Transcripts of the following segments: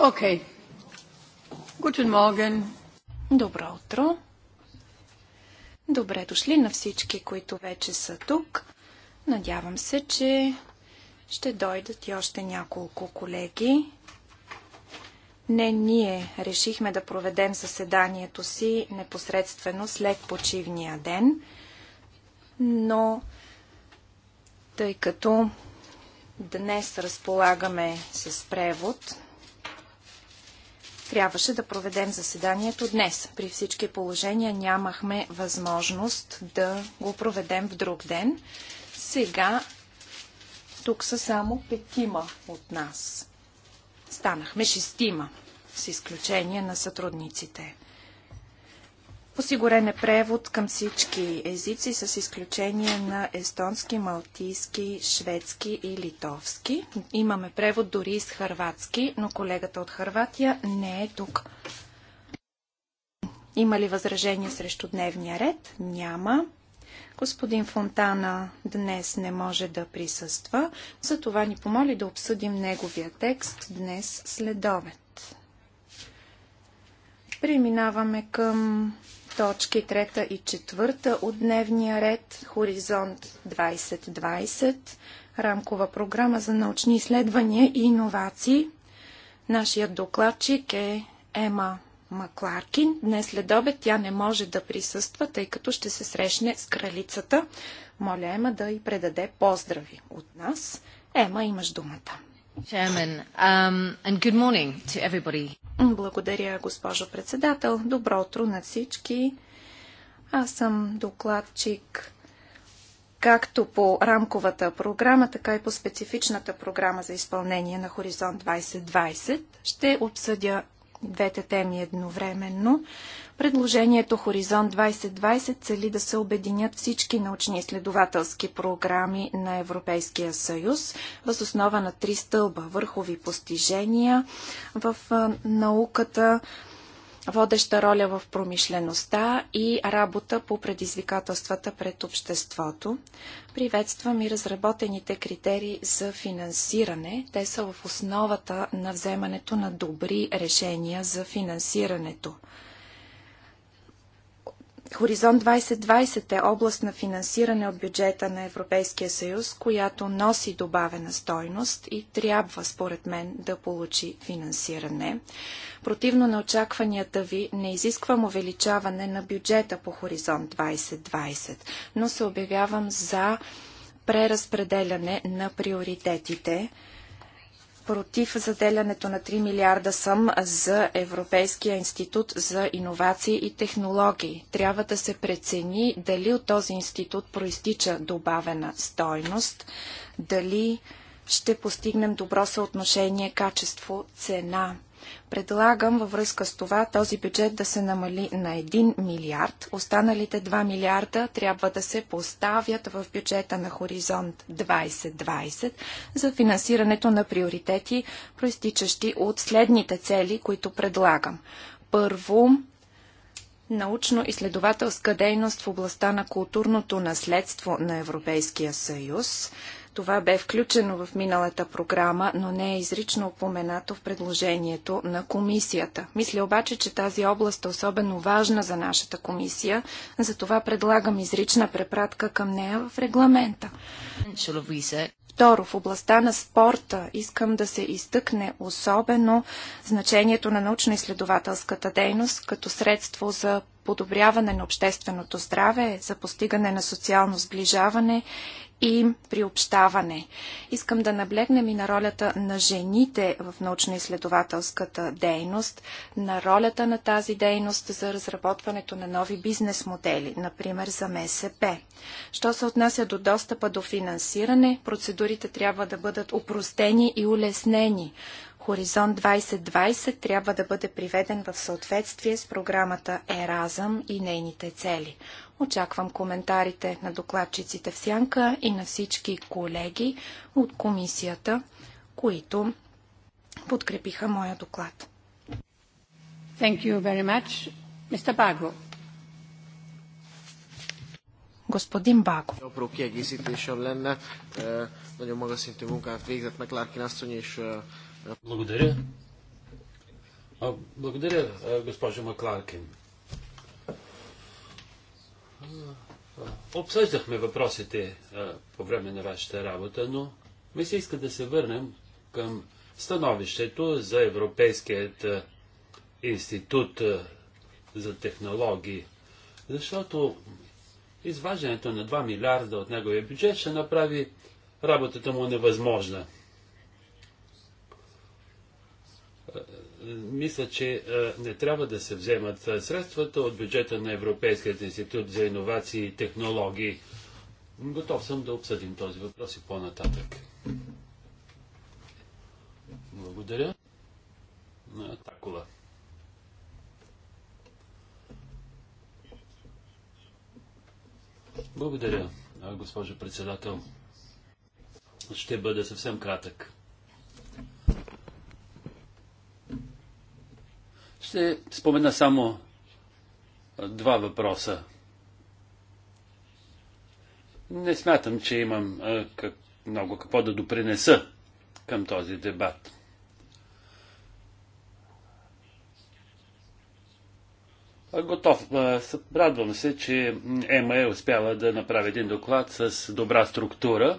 Okay. Guten Morgen. Добро утро. Добре дошли на всички, които вече са тук. Надявам се, че ще дойдат и още няколко колеги. Не ние решихме да проведем заседанието си непосредствено след почивния ден, но тъй като днес разполагаме с превод, Трябваше да проведем заседанието днес. При всички положения нямахме възможност да го проведем в друг ден. Сега тук са само петима от нас. Станахме шестима, с изключение на сътрудниците. Осигурен е превод към всички езици, с изключение на естонски, малтийски, шведски и литовски. Имаме превод дори и с хърватски, но колегата от Хърватия не е тук. Има ли възражение срещу дневния ред? Няма. Господин Фонтана днес не може да присъства, затова ни помоли да обсъдим неговия текст днес след Преминаваме към точки трета и четвърта от дневния ред Хоризонт 2020, рамкова програма за научни изследвания и иновации. Нашият докладчик е Ема Макларкин. Днес след обед тя не може да присъства, тъй като ще се срещне с кралицата. Моля Ема да й предаде поздрави от нас. Ема, имаш думата. Um, Благодаря, госпожо председател. Добро утро на всички. Аз съм докладчик както по рамковата програма, така и по специфичната програма за изпълнение на Хоризонт 2020. Ще обсъдя двете теми едновременно. Предложението Хоризонт 2020 цели да се обединят всички научни изследователски програми на Европейския съюз въз основа на три стълба – върхови постижения в науката, водеща роля в промишлеността и работа по предизвикателствата пред обществото. Приветствам и разработените критерии за финансиране. Те са в основата на вземането на добри решения за финансирането. Хоризонт 2020 е област на финансиране от бюджета на Европейския съюз, която носи добавена стойност и трябва, според мен, да получи финансиране. Противно на очакванията ви, не изисквам увеличаване на бюджета по Хоризонт 2020, но се обявявам за преразпределяне на приоритетите, против заделянето на 3 милиарда съм за Европейския институт за иновации и технологии. Трябва да се прецени дали от този институт проистича добавена стойност, дали ще постигнем добро съотношение качество-цена. Предлагам във връзка с това този бюджет да се намали на 1 милиард. Останалите 2 милиарда трябва да се поставят в бюджета на Хоризонт 2020 за финансирането на приоритети, проистичащи от следните цели, които предлагам. Първо, научно-изследователска дейност в областта на културното наследство на Европейския съюз. Това бе включено в миналата програма, но не е изрично упоменато в предложението на комисията. Мисля обаче, че тази област е особено важна за нашата комисия, затова предлагам изрична препратка към нея в регламента. Второ, в областта на спорта искам да се изтъкне особено значението на научно-изследователската дейност като средство за подобряване на общественото здраве, за постигане на социално сближаване и приобщаване. Искам да наблегнем и на ролята на жените в научно-изследователската дейност, на ролята на тази дейност за разработването на нови бизнес модели, например за МСП. Що се отнася до достъпа до финансиране, процедурите трябва да бъдат упростени и улеснени. Хоризонт 2020 трябва да бъде приведен в съответствие с програмата Еразъм и нейните цели. Очаквам коментарите на докладчиците в Сянка и на всички колеги от комисията, които подкрепиха моя доклад. Thank you very much. Mr. Bago. Господин Баго. Apró kiegészítésem благодаря. Благодаря, госпожо Макларкин. Обсъждахме въпросите по време на вашата работа, но ми се иска да се върнем към становището за Европейският институт за технологии, защото изваждането на 2 милиарда от неговия бюджет ще направи работата му невъзможна. мисля, че не трябва да се вземат средствата от бюджета на Европейския институт за иновации и технологии. Готов съм да обсъдим този въпрос и по-нататък. Благодаря. На Благодаря, госпожо председател. Ще бъда съвсем кратък. Ще спомена само два въпроса. Не смятам, че имам а, как, много какво да допринеса към този дебат. А, готов. А, радвам се, че ЕМА е успяла да направи един доклад с добра структура.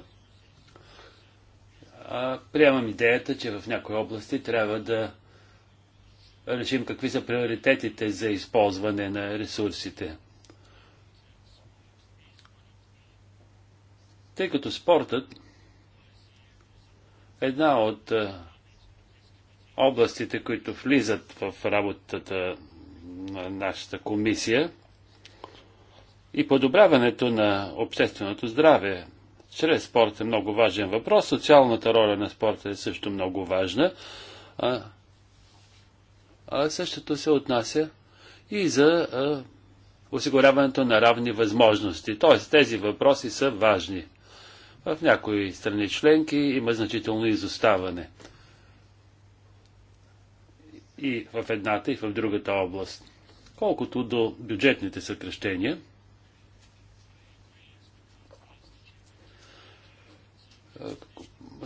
Приемам идеята, че в някои области трябва да решим какви са приоритетите за използване на ресурсите. Тъй като спортът е една от областите, които влизат в работата на нашата комисия и подобряването на общественото здраве чрез спорт е много важен въпрос. Социалната роля на спорта е също много важна. А същото се отнася и за а, осигуряването на равни възможности. Т.е. тези въпроси са важни. В някои страни членки има значително изоставане. И в едната, и в другата област. Колкото до бюджетните съкръщения,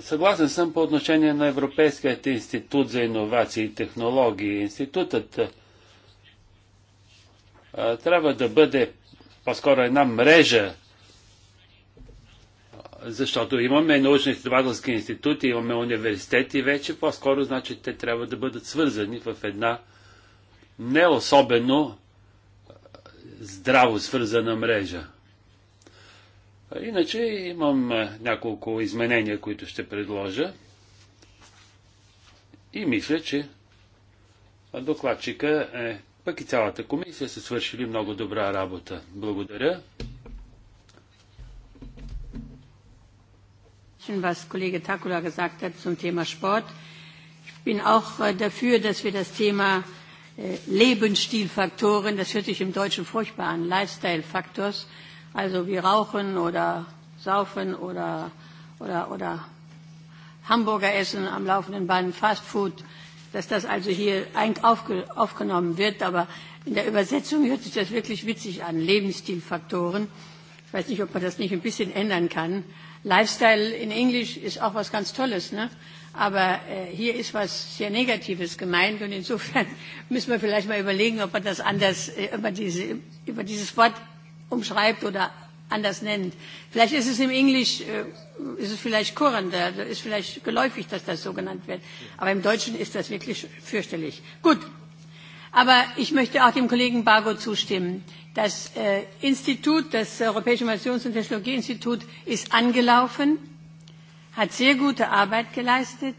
Съгласен съм по отношение на Европейският институт за иновации и технологии. Институтът а, трябва да бъде по-скоро една мрежа, защото имаме научно-изследователски институти, имаме университети вече, по-скоро значи те трябва да бъдат свързани в една не особено здраво свързана мрежа. Иначе имам няколко изменения, които ще предложа. И мисля, че докладчика, е, пък и цялата комисия са свършили много добра работа. Благодаря. was Kollege Takula gesagt hat zum Thema Sport. Ich bin auch dafür, dass wir das Thema Lebensstilfaktoren, das hört sich im Deutschen furchtbar an, Lifestyle-Faktors, äh, also wie Rauchen oder Saufen oder, oder, oder Hamburger essen am laufenden Band, Fast Food, dass das also hier aufgenommen wird. Aber in der Übersetzung hört sich das wirklich witzig an, Lebensstilfaktoren. Ich weiß nicht, ob man das nicht ein bisschen ändern kann. Lifestyle in Englisch ist auch was ganz Tolles, ne? aber äh, hier ist was sehr Negatives gemeint und insofern müssen wir vielleicht mal überlegen, ob man das anders, äh, über, diese, über dieses Wort umschreibt oder anders nennt. Vielleicht ist es im Englisch, äh, ist es vielleicht kurrender, ist vielleicht geläufig, dass das so genannt wird. Aber im Deutschen ist das wirklich fürchterlich. Gut. Aber ich möchte auch dem Kollegen Bargo zustimmen. Das äh, Institut, das Europäische Innovations- und Technologieinstitut, ist angelaufen, hat sehr gute Arbeit geleistet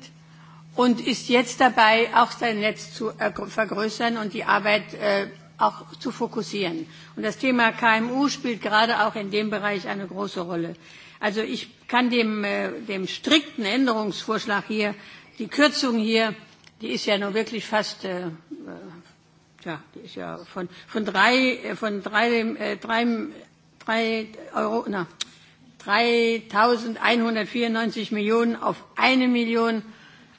und ist jetzt dabei, auch sein Netz zu vergrößern und die Arbeit äh, auch zu fokussieren. Und das Thema KMU spielt gerade auch in dem Bereich eine große Rolle. Also ich kann dem, dem strikten Änderungsvorschlag hier, die Kürzung hier, die ist ja nur wirklich fast, äh, ja, die ist ja von, von drei, von drei, äh, drei, drei Euro, na, 3.194 Millionen auf eine Million.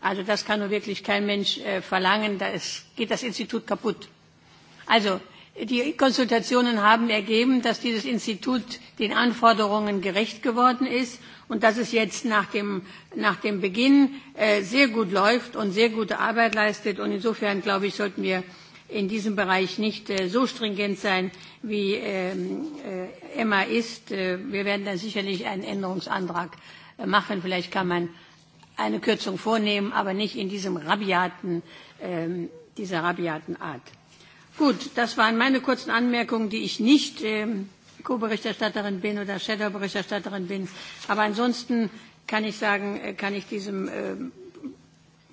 Also das kann nur wirklich kein Mensch äh, verlangen. Da ist, geht das Institut kaputt. Also die Konsultationen haben ergeben, dass dieses Institut den Anforderungen gerecht geworden ist und dass es jetzt nach dem, nach dem Beginn äh, sehr gut läuft und sehr gute Arbeit leistet. Und insofern, glaube ich, sollten wir in diesem Bereich nicht äh, so stringent sein, wie äh, Emma ist. Äh, wir werden dann sicherlich einen Änderungsantrag äh, machen. Vielleicht kann man eine Kürzung vornehmen, aber nicht in diesem rabiaten, dieser rabiaten Art. Gut, das waren meine kurzen Anmerkungen, die ich nicht ähm, Co-Berichterstatterin bin oder Shadow-Berichterstatterin bin. Aber ansonsten kann ich sagen, kann ich diesem äh,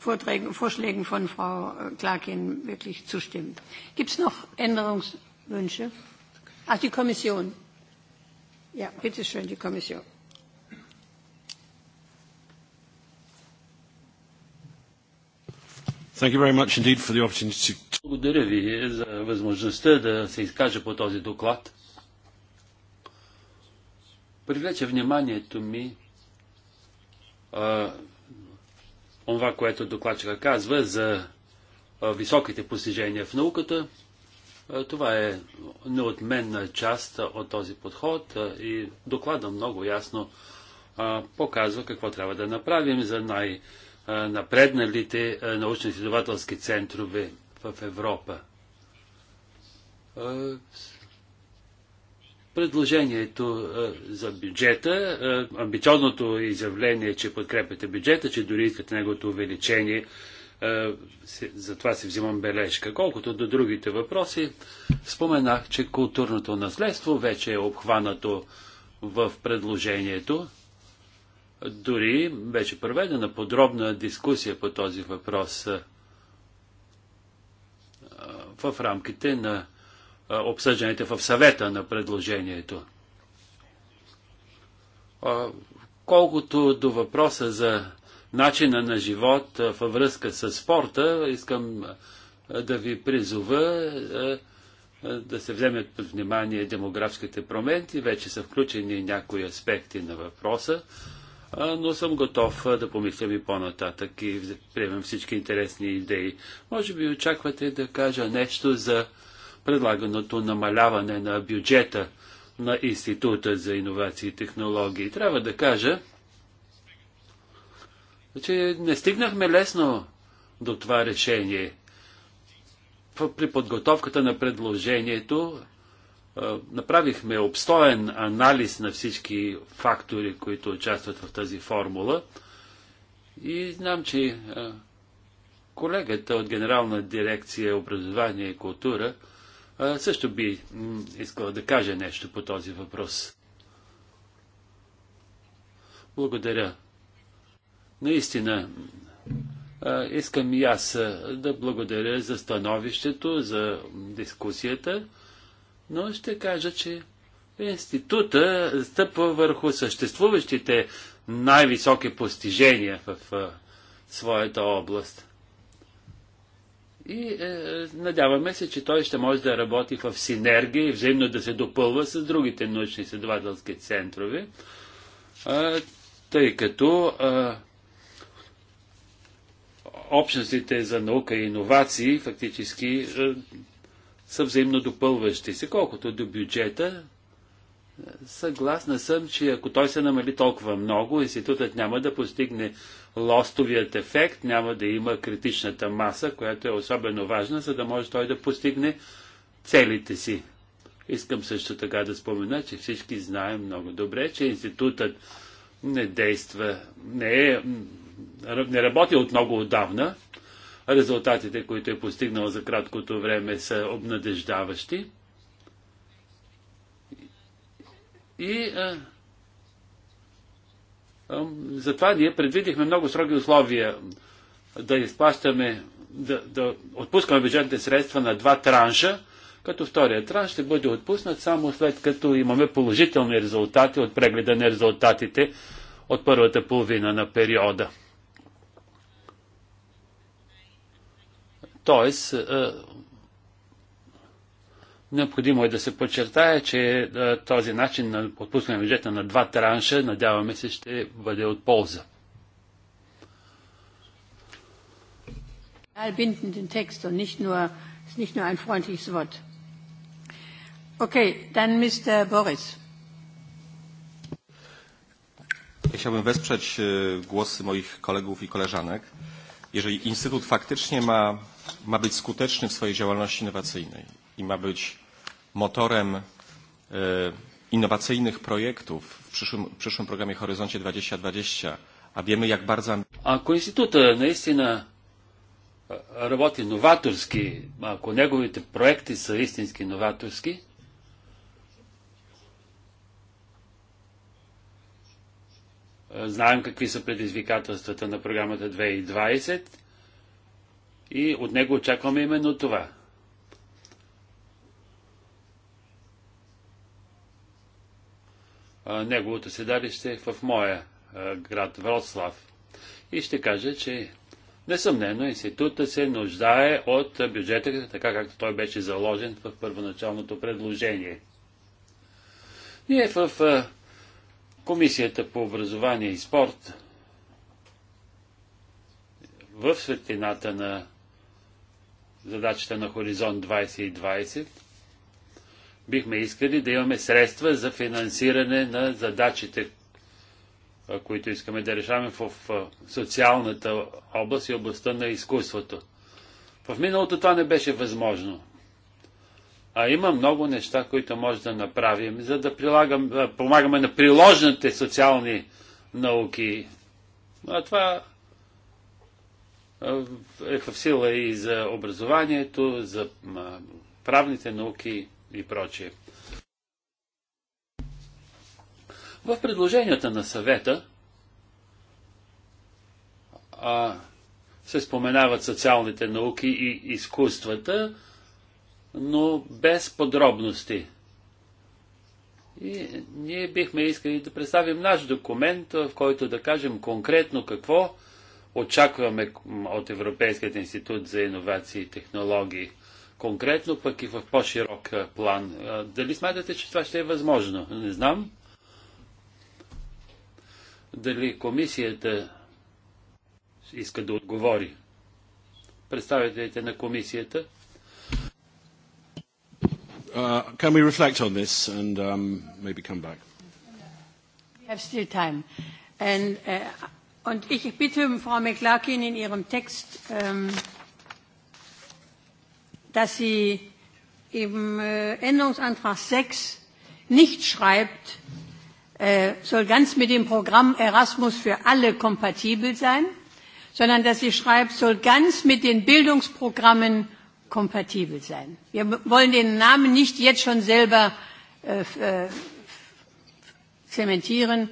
Vorträgen, Vorschlägen von Frau Clarkin wirklich zustimmen. Gibt es noch Änderungswünsche? Ach, die Kommission. Ja, bitteschön, die Kommission. Благодаря ви за възможността да се изкажа по този доклад. Привлече вниманието ми това, което докладчика казва за високите постижения в науката. това е неотменна част от този подход и доклада много ясно показва какво трябва да направим за най- напредналите научно-изследователски центрове в Европа. Предложението за бюджета, амбициозното изявление, че подкрепяте бюджета, че дори искате неговото увеличение, за това си взимам бележка. Колкото до другите въпроси, споменах, че културното наследство вече е обхванато в предложението. Дори беше проведена подробна дискусия по този въпрос в рамките на обсъждането в съвета на предложението. Колкото до въпроса за начина на живот във връзка с спорта, искам да ви призова да се вземат под внимание демографските промени. Вече са включени някои аспекти на въпроса но съм готов да помислям и по-нататък и приемам всички интересни идеи. Може би очаквате да кажа нещо за предлаганото намаляване на бюджета на Института за иновации и технологии. Трябва да кажа, че не стигнахме лесно до това решение. При подготовката на предложението е, направихме обстоен анализ на всички фактори, които участват в тази формула. И знам, че е, колегата от Генерална дирекция образование и култура е, също би искала да каже нещо по този въпрос. Благодаря. Наистина, искам и аз да благодаря за становището, за дискусията но ще кажа, че института стъпва върху съществуващите най-високи постижения в, своята област. И е, надяваме се, че той ще може да работи в синергия и взаимно да се допълва с другите научни изследователски центрове, е, тъй като е, общностите за наука и иновации фактически е, са взаимно допълващи се. Колкото до бюджета, е, съгласна съм, че ако той се намали толкова много, институтът няма да постигне лостовият ефект, няма да има критичната маса, която е особено важна, за да може той да постигне целите си. Искам също така да спомена, че всички знаем много добре, че институтът не действа, не, е, не работи от много отдавна, Резултатите, които е постигнал за краткото време, са обнадеждаващи. И а, а, затова ние предвидихме много строги условия да изплащаме, да, да отпускаме бюджетните средства на два транша, като втория транш ще бъде отпуснат само след като имаме положителни резултати от прегледа на резултатите от първата половина на периода. Тоест, необходимо е да се подчертая, че този начин на отпускане на бюджета на два транша, надяваме се, ще бъде от полза. bindenden Text und nicht nur, ist nicht nur ein freundliches Wort. Okay, dann Mr. Boris. Ja chciałbym wesprzeć głosy moich kolegów i koleżanek. Jeżeli Instytut faktycznie ma ma być skuteczny w swojej działalności innowacyjnej i ma być motorem innowacyjnych projektów w przyszłym, w przyszłym programie Horyzoncie 2020, a wiemy jak bardzo... A Ако института наистина работи новаторски, ако неговите projekty są истински новаторски, знаем какви са предизвикателствата на програмата 2020 и от него очакваме именно това. Неговото седалище е в моя град Вроцлав. И ще кажа, че несъмнено института се нуждае от бюджета, така както той беше заложен в първоначалното предложение. Ние в Комисията по образование и спорт в светлината на задачата на Хоризонт 2020, бихме искали да имаме средства за финансиране на задачите, които искаме да решаваме в социалната област и областта на изкуството. В миналото това не беше възможно. А има много неща, които може да направим, за да прилагам, помагаме на приложните социални науки. А това е в сила и за образованието, за правните науки и прочие. В предложенията на съвета а, се споменават социалните науки и изкуствата, но без подробности. И ние бихме искали да представим наш документ, в който да кажем конкретно какво очакваме от Европейският институт за иновации и технологии, конкретно пък и в по-широк план. Дали смятате, че това ще е възможно? Не знам. Дали комисията иска да отговори? Представителите на комисията. Uh, can we reflect on this and um, maybe come back? We have still time. And uh, Und ich bitte Frau McLarkin in ihrem Text, dass sie im Änderungsantrag 6 nicht schreibt, soll ganz mit dem Programm Erasmus für alle kompatibel sein, sondern dass sie schreibt, soll ganz mit den Bildungsprogrammen kompatibel sein. Wir wollen den Namen nicht jetzt schon selber zementieren,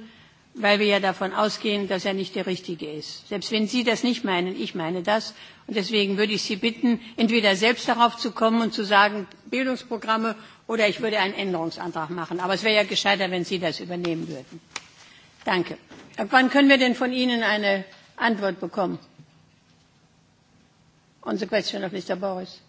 weil wir ja davon ausgehen, dass er nicht der Richtige ist. Selbst wenn Sie das nicht meinen, ich meine das. Und deswegen würde ich Sie bitten, entweder selbst darauf zu kommen und zu sagen, Bildungsprogramme, oder ich würde einen Änderungsantrag machen. Aber es wäre ja gescheiter, wenn Sie das übernehmen würden. Danke. Ab wann können wir denn von Ihnen eine Antwort bekommen? On the question of Mr. Boris.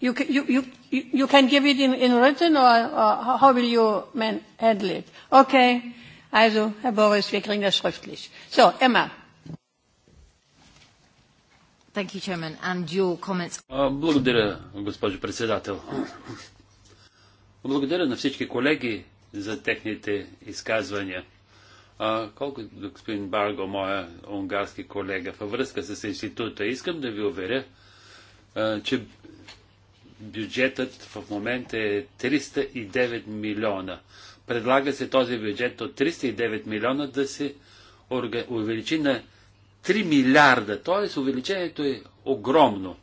You, can you, you, you can give it in, in written or, or how will you man, handle it? Okay, also Herr Boris, wir kriegen das schriftlich. So, Emma. Thank you, Chairman, and your comments. Благодаря, госпожо председател. Благодаря на всички колеги за техните изказвания. А, колко господин Барго, моя унгарски колега, във връзка с института, искам да ви уверя, а, че бюджетът в момента е 309 милиона. Предлага се този бюджет от 309 милиона да се увеличи на 3 милиарда. Т.е. увеличението е огромно.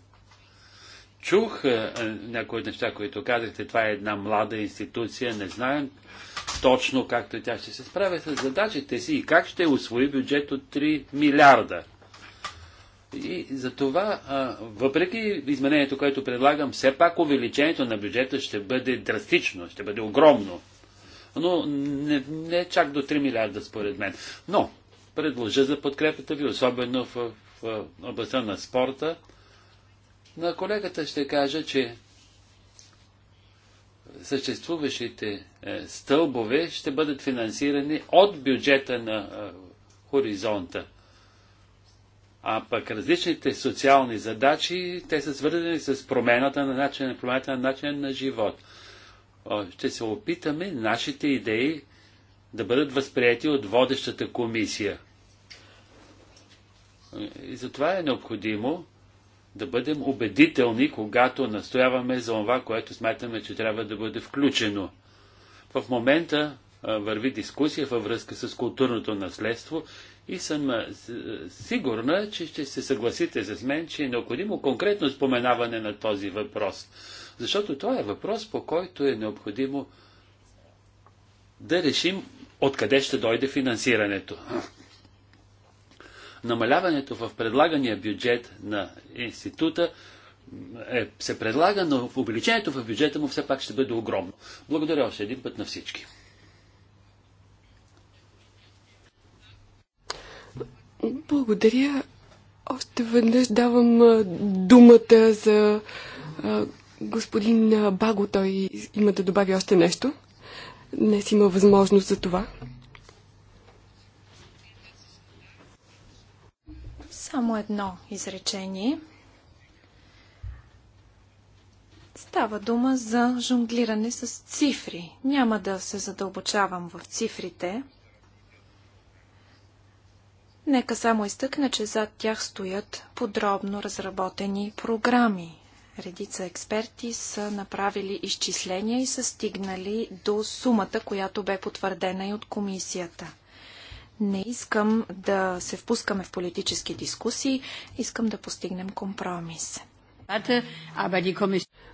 Чух е, е, някои от неща, които казахте. Това е една млада институция. Не знаем точно както тя ще се справя с задачите си и как ще освои бюджет от 3 милиарда. И за това, въпреки изменението, което предлагам, все пак увеличението на бюджета ще бъде драстично, ще бъде огромно. Но не, не е чак до 3 милиарда, според мен. Но, предложа за подкрепата ви, особено в, в, областта на спорта. На колегата ще кажа, че съществуващите е, стълбове ще бъдат финансирани от бюджета на е, хоризонта. А пък различните социални задачи, те са свързани с промената на начин, промената на начина на живот. Ще се опитаме нашите идеи да бъдат възприяти от водещата комисия. И затова е необходимо да бъдем убедителни, когато настояваме за това, което смятаме, че трябва да бъде включено. В момента върви дискусия във връзка с културното наследство и съм сигурна, че ще се съгласите с мен, че е необходимо конкретно споменаване на този въпрос. Защото това е въпрос, по който е необходимо да решим откъде ще дойде финансирането. Намаляването в предлагания бюджет на института е, се предлага, но увеличението в бюджета му все пак ще бъде огромно. Благодаря още един път на всички. Благодаря. Още веднъж давам думата за господин Баго. Той има да добави още нещо. Днес има възможност за това. Само едно изречение. Става дума за жонглиране с цифри. Няма да се задълбочавам в цифрите. Нека само изтъкна, че зад тях стоят подробно разработени програми. Редица експерти са направили изчисления и са стигнали до сумата, която бе потвърдена и от комисията. Не искам да се впускаме в политически дискусии, искам да постигнем компромис.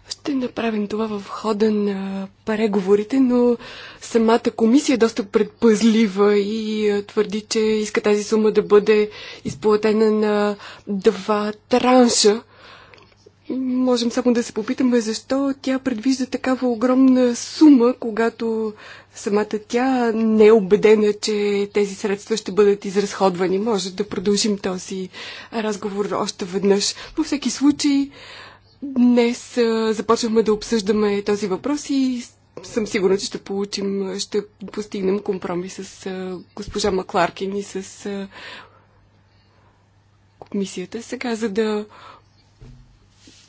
Ще направим това в хода на преговорите, но самата комисия е доста предпазлива и е, твърди, че иска тази сума да бъде изплатена на два транша – Можем само да се попитаме защо тя предвижда такава огромна сума, когато самата тя не е убедена, че тези средства ще бъдат изразходвани. Може да продължим този разговор още веднъж. Във всеки случай, днес започваме да обсъждаме този въпрос и съм сигурна, че ще получим, ще постигнем компромис с госпожа Макларкин и с комисията. Сега, за да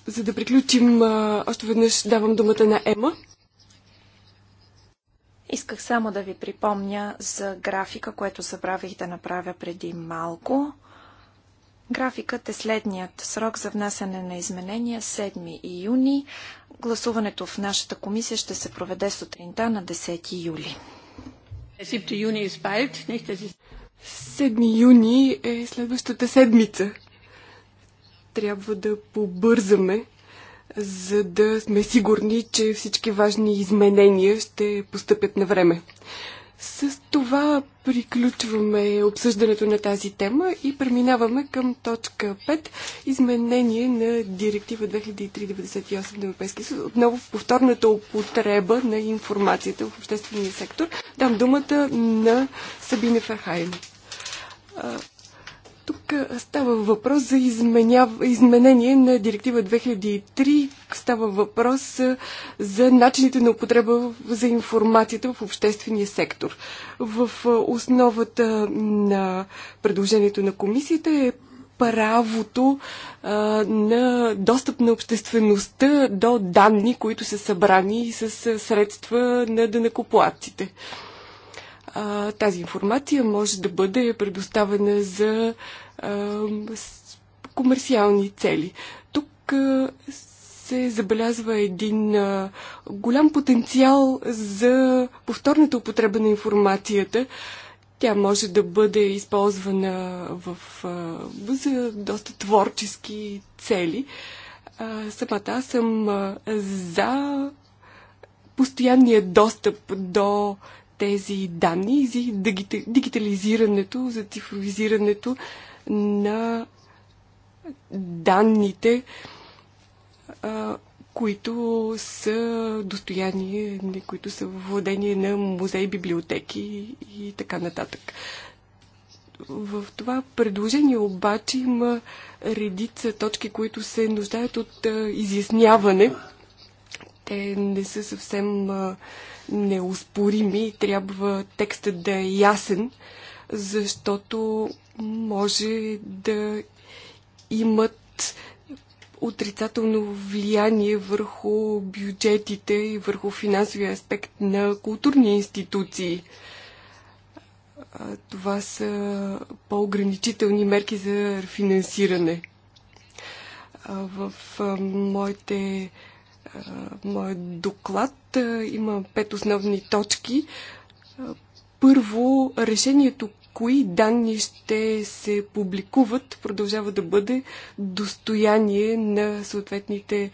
за да приключим, още веднъж давам думата на Ема. Исках само да ви припомня за графика, което забравих да направя преди малко. Графикът е следният. Срок за внасяне на изменения 7 июни. Гласуването в нашата комисия ще се проведе сутринта на 10 юли. 7 юни е, е следващата седмица трябва да побързаме, за да сме сигурни, че всички важни изменения ще постъпят на време. С това приключваме обсъждането на тази тема и преминаваме към точка 5 изменение на директива 2398 на Европейския съюз. Отново повторната употреба на информацията в обществения сектор. Дам думата на Сабина Ферхайн. Тук става въпрос за изменя... изменение на директива 2003. Става въпрос за начините на употреба за информацията в обществения сектор. В основата на предложението на комисията е правото а, на достъп на обществеността до данни, които са събрани с средства на дънакоплатците. Да а, тази информация може да бъде предоставена за а, комерциални цели. Тук а, се забелязва един а, голям потенциал за повторната употреба на информацията. Тя може да бъде използвана в, а, за доста творчески цели. А, самата аз съм а, за постоянния достъп до тези данни и за дигитализирането, за цифровизирането на данните, които са достояние, които са владение на музеи, библиотеки и така нататък. В това предложение обаче има редица точки, които се нуждаят от изясняване те не са съвсем неоспорими. Трябва текстът да е ясен, защото може да имат отрицателно влияние върху бюджетите и върху финансовия аспект на културни институции. Това са по-ограничителни мерки за финансиране. В моите моят доклад. Има пет основни точки. Първо, решението кои данни ще се публикуват продължава да бъде достояние на съответните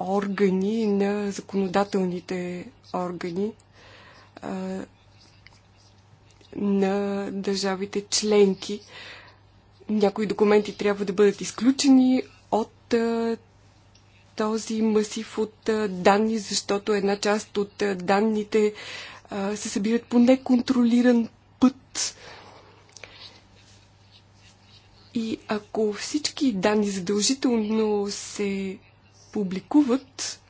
органи, на законодателните органи на държавите членки. Някои документи трябва да бъдат изключени от този масив от данни, защото една част от данните се събират по неконтролиран път. И ако всички данни задължително се публикуват,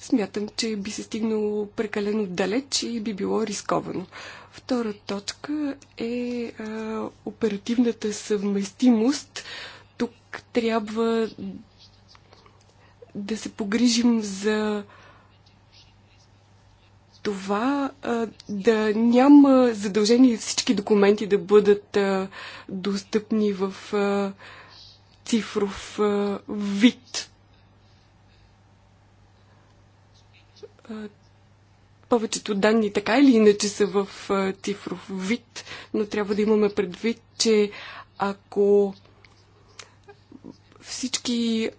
смятам, че би се стигнало прекалено далеч и би било рисковано. Втора точка е а, оперативната съвместимост. Тук трябва да се погрижим за това да няма задължение всички документи да бъдат достъпни в цифров вид. повечето данни така или иначе са в цифров вид, но трябва да имаме предвид, че ако всички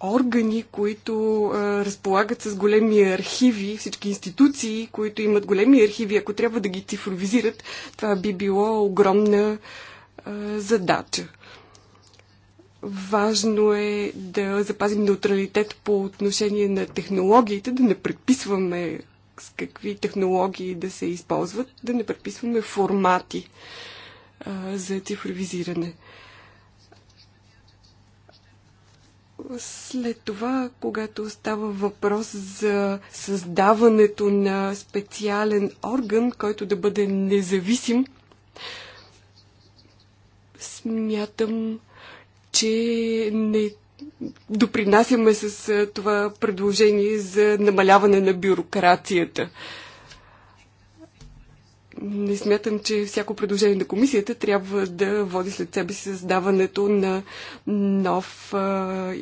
органи, които а, разполагат с големи архиви, всички институции, които имат големи архиви, ако трябва да ги цифровизират, това би било огромна а, задача. Важно е да запазим неутралитет по отношение на технологиите, да не предписваме с какви технологии да се използват, да не предписваме формати а, за цифровизиране. След това, когато става въпрос за създаването на специален орган, който да бъде независим, смятам, че не допринасяме с това предложение за намаляване на бюрокрацията не смятам, че всяко предложение на комисията трябва да води след себе си създаването на нов а,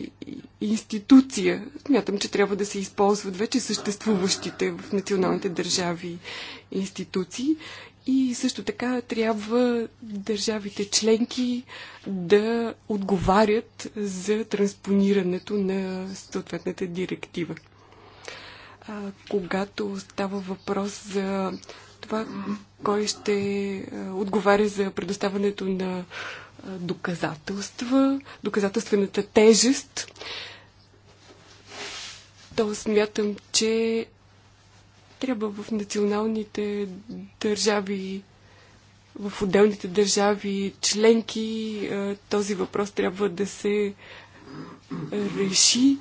институция. Смятам, че трябва да се използват вече съществуващите в националните държави институции. И също така трябва държавите членки да отговарят за транспонирането на съответната директива. А, когато става въпрос за това кой ще е, отговаря за предоставянето на е, доказателства, доказателствената тежест, то смятам, че трябва в националните държави, в отделните държави членки е, този въпрос трябва да се реши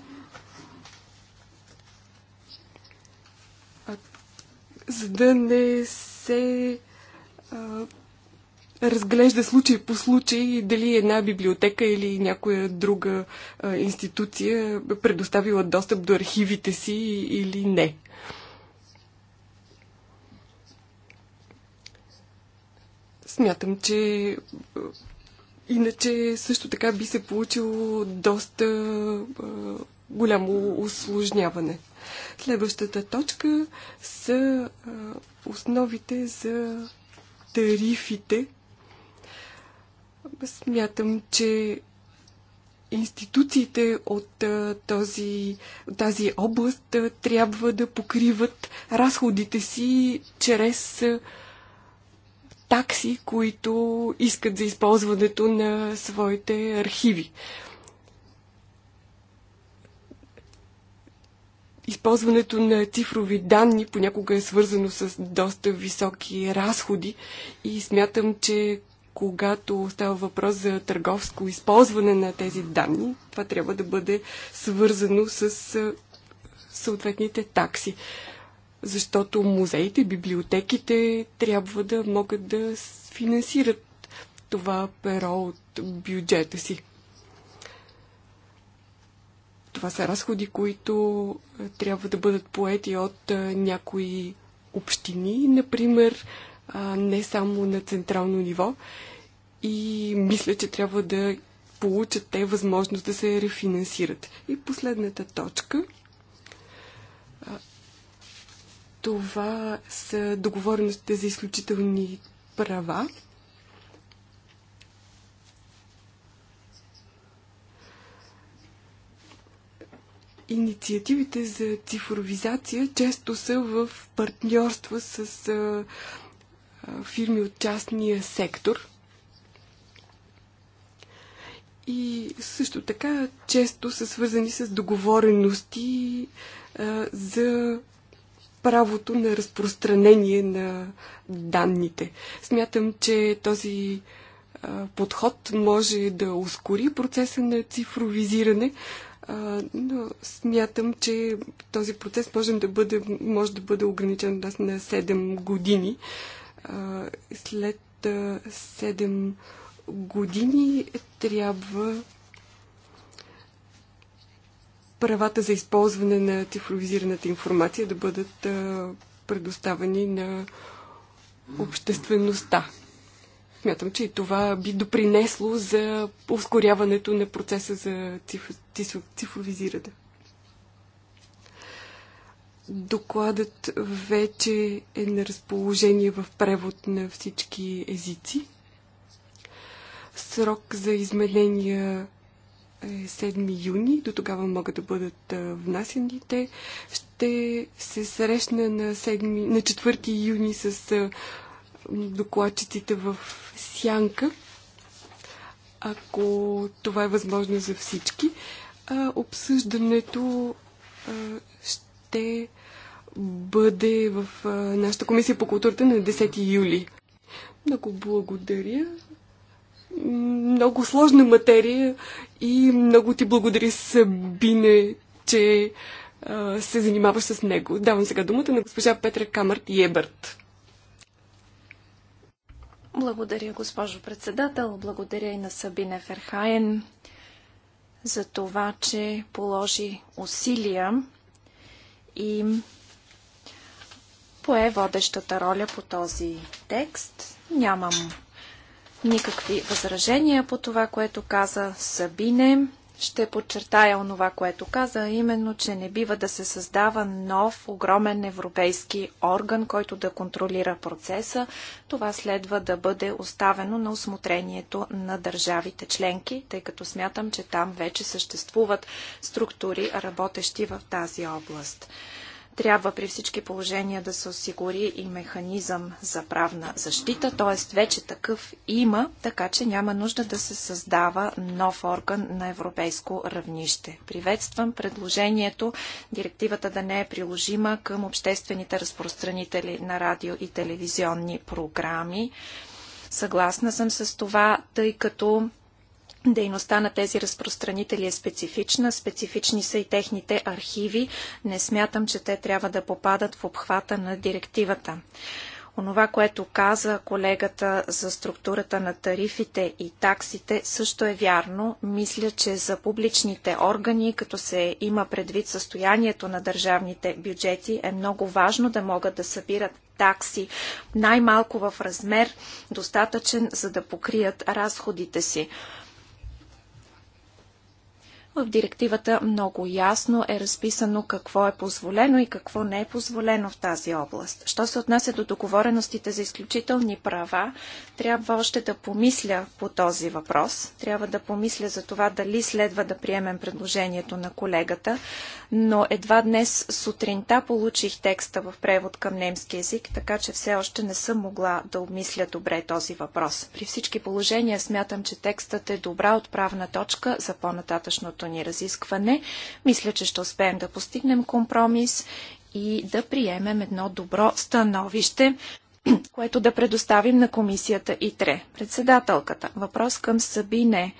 за да не се а, разглежда случай по случай дали една библиотека или някоя друга а, институция предоставила достъп до архивите си или не. Смятам, че иначе също така би се получило доста а, голямо осложняване. Следващата точка са основите за тарифите. Смятам, че институциите от този, тази област трябва да покриват разходите си чрез такси, които искат за използването на своите архиви. използването на цифрови данни понякога е свързано с доста високи разходи и смятам, че когато става въпрос за търговско използване на тези данни, това трябва да бъде свързано с съответните такси. Защото музеите, библиотеките трябва да могат да финансират това перо от бюджета си. Това са разходи, които е, трябва да бъдат поети от е, някои общини, например, не само на централно ниво. И мисля, че трябва да получат те възможност да се рефинансират. И последната точка. Това са договореностите за изключителни права. Инициативите за цифровизация често са в партньорство с а, а, фирми от частния сектор. И също така често са свързани с договорености а, за правото на разпространение на данните. Смятам, че този подход може да ускори процеса на цифровизиране, но смятам, че този процес може да бъде, може да бъде ограничен на 7 години. След 7 години трябва правата за използване на цифровизираната информация да бъдат предоставени на обществеността. Смятам, че и това би допринесло за ускоряването на процеса за циф... цифровизиране. Докладът вече е на разположение в превод на всички езици. Срок за изменения е 7 юни. До тогава могат да бъдат внасените. Ще се срещна на, 7, на 4 юни с докладчиците в сянка, ако това е възможно за всички. А, обсъждането а, ще бъде в а, нашата комисия по културата на 10 юли. Много благодаря. Много сложна материя и много ти благодаря, Сабине, че а, се занимаваш с него. Давам сега думата на госпожа Петра Камърт Еберт. Благодаря, госпожо председател. Благодаря и на Сабине Ферхаен за това, че положи усилия и пое водещата роля по този текст. Нямам никакви възражения по това, което каза Сабине. Ще подчертая онова, което каза, именно, че не бива да се създава нов огромен европейски орган, който да контролира процеса. Това следва да бъде оставено на осмотрението на държавите членки, тъй като смятам, че там вече съществуват структури, работещи в тази област. Трябва при всички положения да се осигури и механизъм за правна защита, т.е. вече такъв има, така че няма нужда да се създава нов орган на европейско равнище. Приветствам предложението директивата да не е приложима към обществените разпространители на радио и телевизионни програми. Съгласна съм с това, тъй като Дейността на тези разпространители е специфична, специфични са и техните архиви. Не смятам, че те трябва да попадат в обхвата на директивата. Онова, което каза колегата за структурата на тарифите и таксите, също е вярно. Мисля, че за публичните органи, като се има предвид състоянието на държавните бюджети, е много важно да могат да събират такси, най-малко в размер, достатъчен за да покрият разходите си. В директивата много ясно е разписано какво е позволено и какво не е позволено в тази област. Що се отнася до договореностите за изключителни права, трябва още да помисля по този въпрос. Трябва да помисля за това дали следва да приемем предложението на колегата, но едва днес сутринта получих текста в превод към немски язик, така че все още не съм могла да обмисля добре този въпрос. При всички положения смятам, че текстът е добра отправна точка за по-нататъчното днешното ни разискване. Мисля, че ще успеем да постигнем компромис и да приемем едно добро становище, което да предоставим на комисията ИТРЕ. Председателката. Въпрос към Сабине.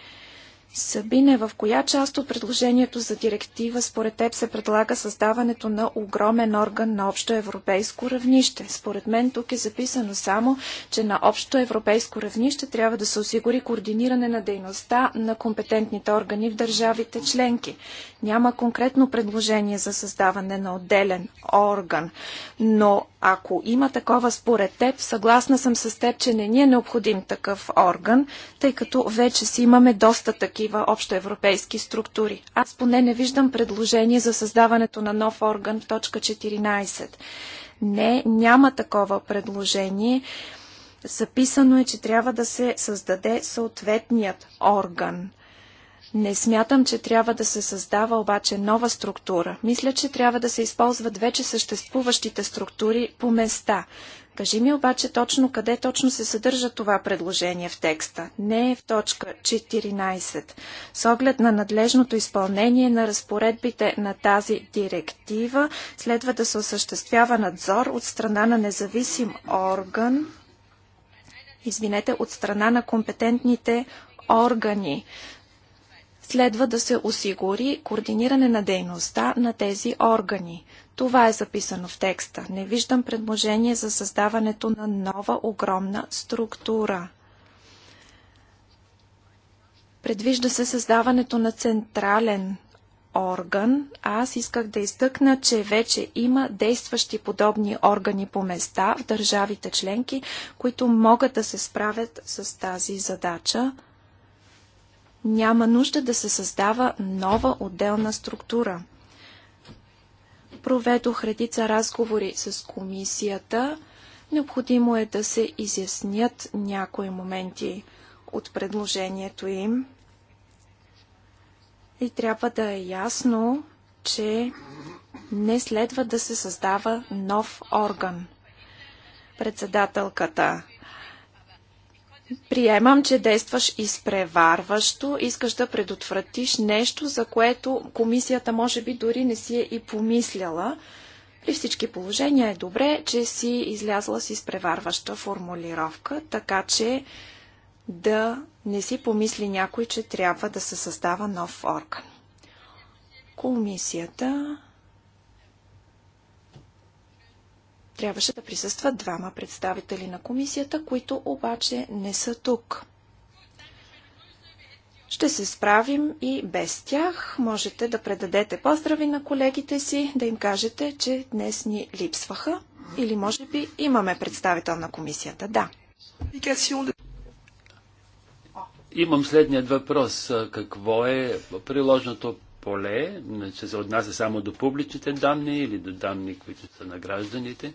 Сабине, в коя част от предложението за директива според теб се предлага създаването на огромен орган на общо европейско равнище? Според мен тук е записано само, че на общо европейско равнище трябва да се осигури координиране на дейността на компетентните органи в държавите членки. Няма конкретно предложение за създаване на отделен орган, но ако има такова според теб, съгласна съм с теб, че не ни е необходим такъв орган, тъй като вече си имаме доста такива общоевропейски структури. Аз поне не виждам предложение за създаването на нов орган в точка 14. Не, няма такова предложение. Записано е, че трябва да се създаде съответният орган – не смятам, че трябва да се създава обаче нова структура. Мисля, че трябва да се използват вече съществуващите структури по места. Кажи ми обаче точно къде точно се съдържа това предложение в текста. Не е в точка 14. С оглед на надлежното изпълнение на разпоредбите на тази директива, следва да се осъществява надзор от страна на независим орган, извинете, от страна на компетентните органи следва да се осигури координиране на дейността на тези органи. Това е записано в текста. Не виждам предложение за създаването на нова огромна структура. Предвижда се създаването на централен орган. Аз исках да изтъкна, че вече има действащи подобни органи по места в държавите членки, които могат да се справят с тази задача. Няма нужда да се създава нова отделна структура. Проведох редица разговори с комисията. Необходимо е да се изяснят някои моменти от предложението им. И трябва да е ясно, че не следва да се създава нов орган. Председателката Приемам, че действаш изпреварващо, искаш да предотвратиш нещо, за което комисията може би дори не си е и помисляла. При всички положения е добре, че си излязла с изпреварваща формулировка, така че да не си помисли някой, че трябва да се създава нов орган. Комисията трябваше да присъстват двама представители на комисията, които обаче не са тук. Ще се справим и без тях. Можете да предадете поздрави на колегите си, да им кажете, че днес ни липсваха. Или може би имаме представител на комисията. Да. Имам следният въпрос. Какво е приложното поле? Не значи се отнася само до публичните данни или до данни, които са на гражданите?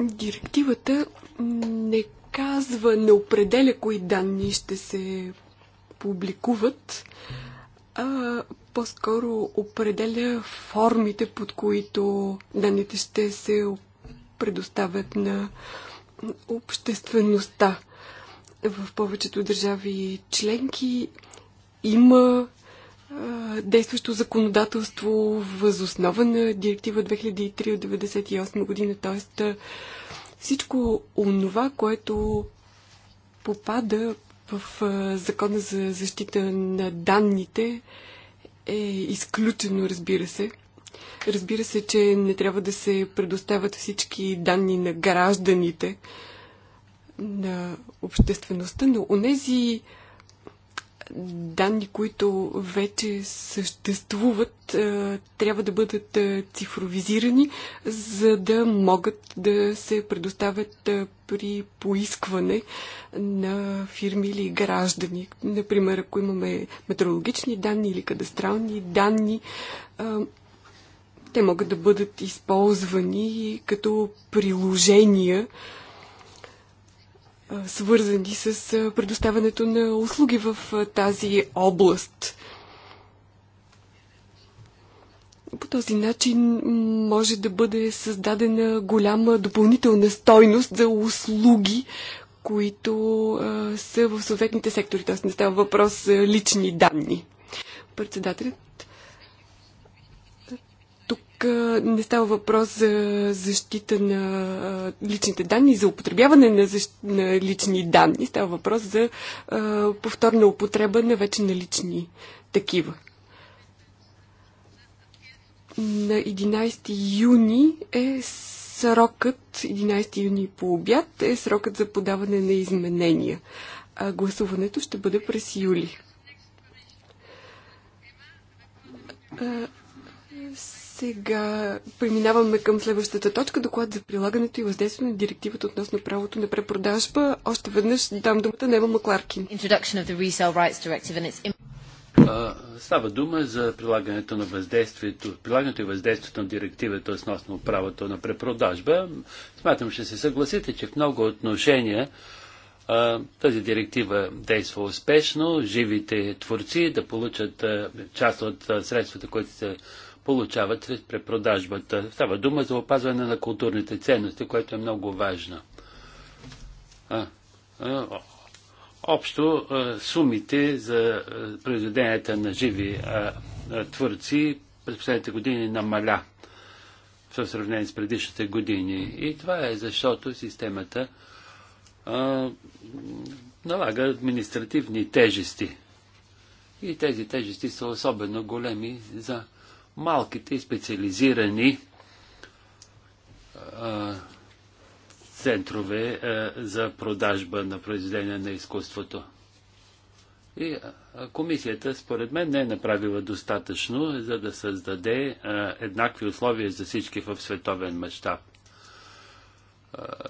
Директивата не казва, не определя кои данни ще се публикуват, а по-скоро определя формите, под които данните ще се предоставят на обществеността. В повечето държави членки има действащо законодателство възоснова на директива 2003 от 1998 година, т.е. всичко онова, което попада в закона за защита на данните е изключено, разбира се. Разбира се, че не трябва да се предоставят всички данни на гражданите, на обществеността, но у нези данни, които вече съществуват, е, трябва да бъдат е, цифровизирани, за да могат да се предоставят е, при поискване на фирми или граждани. Например, ако имаме метеорологични данни или кадастрални данни, те могат да бъдат използвани като приложения свързани с предоставянето на услуги в тази област. По този начин може да бъде създадена голяма допълнителна стойност за услуги, които са в съответните сектори. Тоест не става въпрос за лични данни. Председателят не става въпрос за защита на личните данни, за употребяване на, защ... на лични данни. Става въпрос за а, повторна употреба на вече налични такива. На 11 юни е срокът, 11 юни по обяд е срокът за подаване на изменения. А гласуването ще бъде през юли. Сега преминаваме към следващата точка. Доклад за прилагането и въздействието на директивата относно правото на препродажба. Още веднъж дам думата на Ема Макларкин. Става дума за прилагането на въздействието, прилагането и въздействието на директивата относно правото на препродажба. Смятам, ще се съгласите, че в много отношения тази директива действа успешно. Живите творци да получат част от средствата, които се получават чрез препродажбата. Става дума за опазване на културните ценности, което е много важно. А, а, общо а, сумите за произведенията на живи творци през последните години намаля в сравнение с предишните години. И това е защото системата налага административни тежести. И тези тежести са особено големи за малките и специализирани а, центрове а, за продажба на произведения на изкуството. И комисията, според мен, не е направила достатъчно, за да създаде а, еднакви условия за всички в световен мащаб.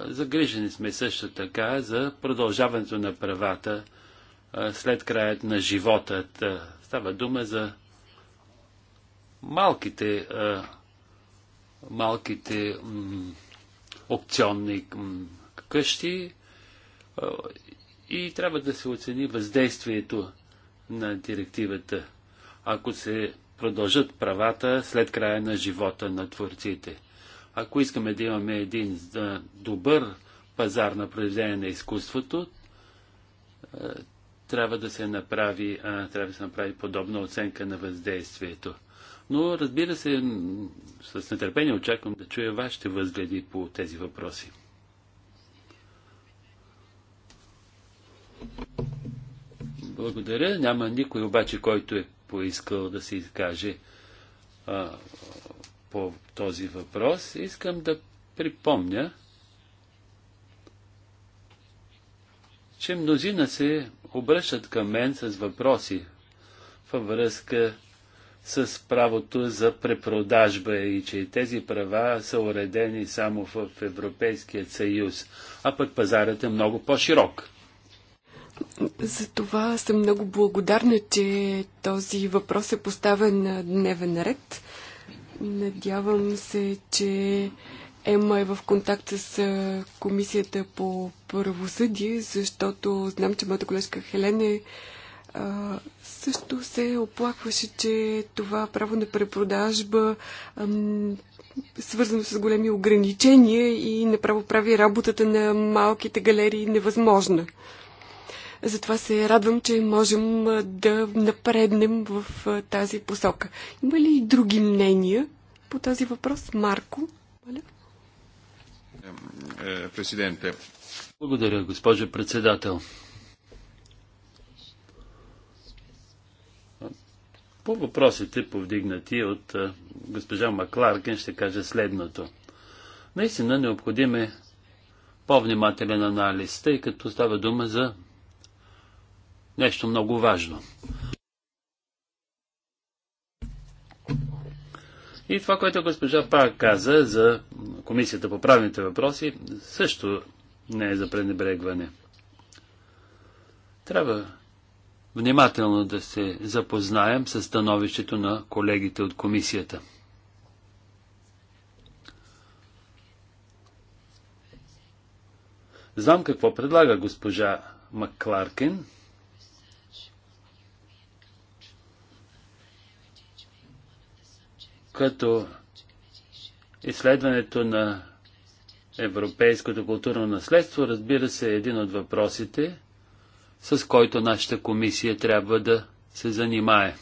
Загрижени сме също така за продължаването на правата а, след краят на живота. Става дума за малките, малките опционни къщи и трябва да се оцени въздействието на директивата, ако се продължат правата след края на живота на творците. Ако искаме да имаме един добър пазар на произведение на изкуството, трябва да се направи, трябва да се направи подобна оценка на въздействието. Но разбира се, с нетърпение очаквам да чуя вашите възгледи по тези въпроси. Благодаря. Няма никой обаче, който е поискал да се изкаже а, по този въпрос. Искам да припомня, че мнозина се обръщат към мен с въпроси във връзка с правото за препродажба и че тези права са уредени само в Европейския съюз, а пък пазарът е много по-широк. За това съм много благодарна, че този въпрос е поставен на дневен ред. Надявам се, че Ема е в контакт с Комисията по правосъдие, защото знам, че моята колежка Хелен е а, също се оплакваше, че това право на препродажба ам, свързано с големи ограничения и направо прави работата на малките галерии невъзможна. Затова се радвам, че можем да напреднем в тази посока. Има ли и други мнения по този въпрос? Марко, моля. Е, президенте. Благодаря, госпожо председател. По въпросите, повдигнати от госпожа Макларкен, ще кажа следното. Наистина необходим е по-внимателен анализ, тъй като става дума за нещо много важно. И това, което госпожа Пак каза за Комисията по правните въпроси, също не е за пренебрегване. Трябва внимателно да се запознаем с становището на колегите от комисията. Знам какво предлага госпожа Макларкин. Като изследването на европейското културно наследство, разбира се, е един от въпросите – с който нашата комисия трябва да се занимае.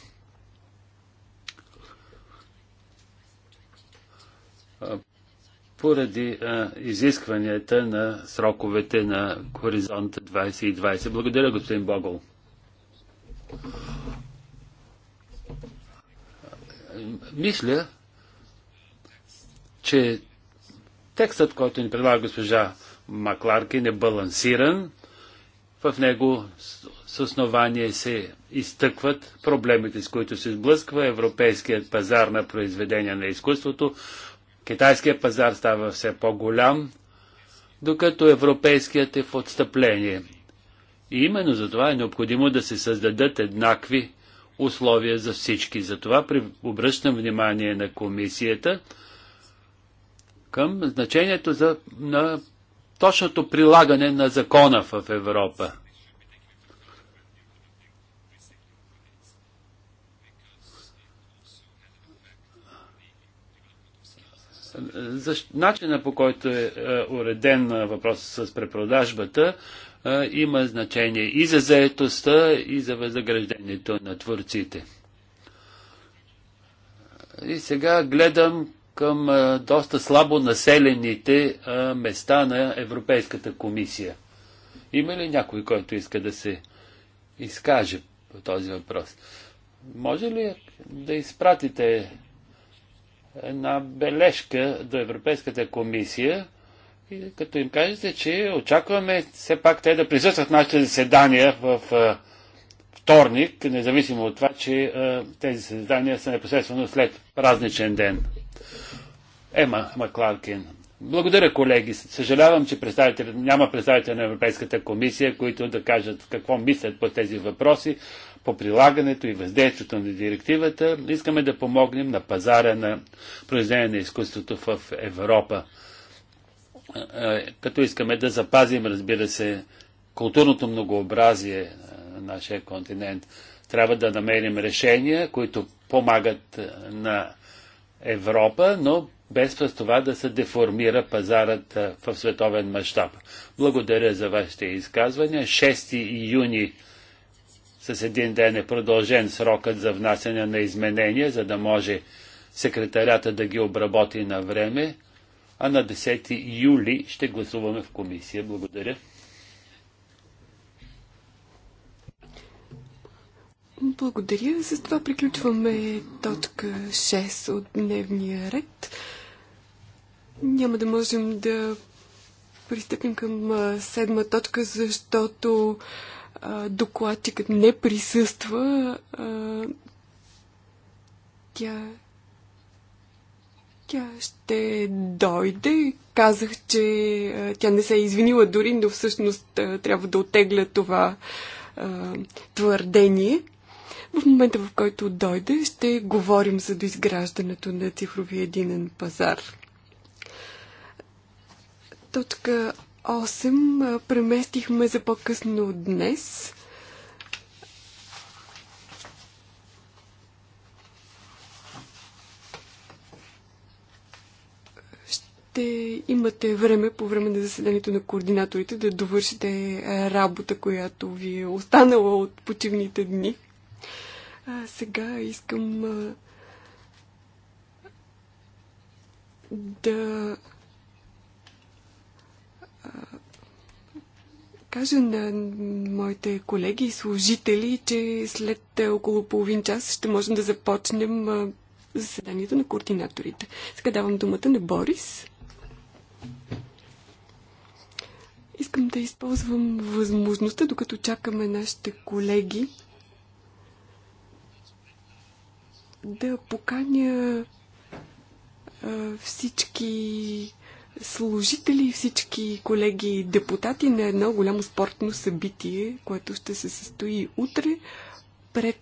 поради а, изискванията на сроковете на Хоризонт 2020. Благодаря, господин Богол. Мисля, че текстът, който ни предлага госпожа Макларки, е балансиран в него с основание се изтъкват проблемите, с които се сблъсква европейският пазар на произведения на изкуството. Китайският пазар става все по-голям, докато европейският е в отстъпление. И именно за това е необходимо да се създадат еднакви условия за всички. Затова обръщам внимание на комисията към значението за, на точното прилагане на закона в Европа. За Начина по който е, е уреден въпросът с препродажбата е, има значение и за заетостта, и за възнаграждението на творците. И сега гледам към доста слабо населените места на Европейската комисия. Има ли някой, който иска да се изкаже по този въпрос? Може ли да изпратите една бележка до Европейската комисия, и като им кажете, че очакваме все пак те да присъстват нашите заседания в вторник, независимо от това, че тези заседания са непосредствено след празничен ден. Ема Макларкин. Благодаря, колеги. Съжалявам, че представител... няма представител на Европейската комисия, които да кажат какво мислят по тези въпроси, по прилагането и въздействието на директивата. Искаме да помогнем на пазара на произведение на изкуството в Европа. Е, е, като искаме да запазим, разбира се, културното многообразие на нашия континент. Трябва да намерим решения, които помагат на Европа, но без през това да се деформира пазарът в световен мащаб. Благодаря за вашите изказвания. 6 юни с един ден е продължен срокът за внасяне на изменения, за да може секретарята да ги обработи на време, а на 10 юли ще гласуваме в комисия. Благодаря. Благодаря. С това приключваме точка 6 от дневния ред. Няма да можем да пристъпим към седма точка, защото докладчикът не присъства. Тя тя ще дойде. Казах, че тя не се е извинила дори, но всъщност трябва да отегля това а, твърдение. В момента, в който дойде, ще говорим за доизграждането на цифровия единен пазар. Точка 8 преместихме за по-късно днес. ще имате време по време на заседанието на координаторите да довършите работа, която ви е останала от почивните дни. А сега искам да кажа на моите колеги и служители, че след е, около половин час ще можем да започнем заседанието на координаторите. Сега давам думата на Борис. Искам да използвам възможността, докато чакаме нашите колеги, да поканя всички служители, всички колеги депутати на едно голямо спортно събитие, което ще се състои утре пред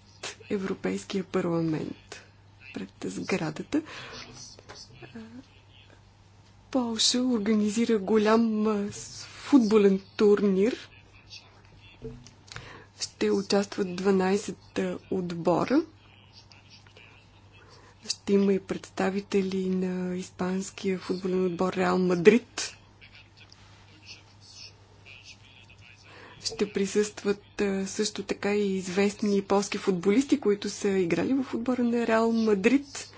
Европейския парламент, пред сградата. Полша организира голям футболен турнир. Ще участват 12 отбора – ще има и представители на испанския футболен отбор Реал Мадрид. Ще присъстват също така и известни полски футболисти, които са играли в отбора на Реал Мадрид.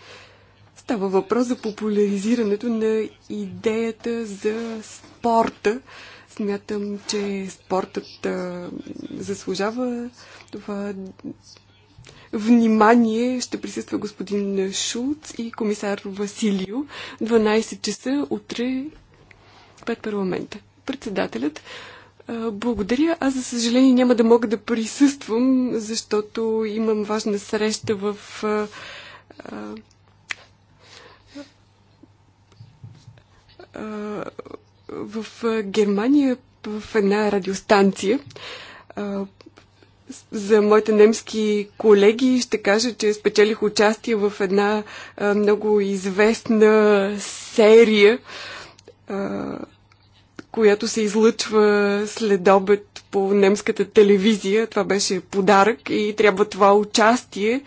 Става въпрос за популяризирането на идеята за спорта. Смятам, че спортът заслужава това внимание ще присъства господин Шулц и комисар Василио. 12 часа утре пред парламента. Председателят. Благодаря. Аз, за съжаление, няма да мога да присъствам, защото имам важна среща в в Германия в една радиостанция за моите немски колеги ще кажа, че спечелих участие в една а, много известна серия, а, която се излъчва след обед по немската телевизия. Това беше подарък и трябва това участие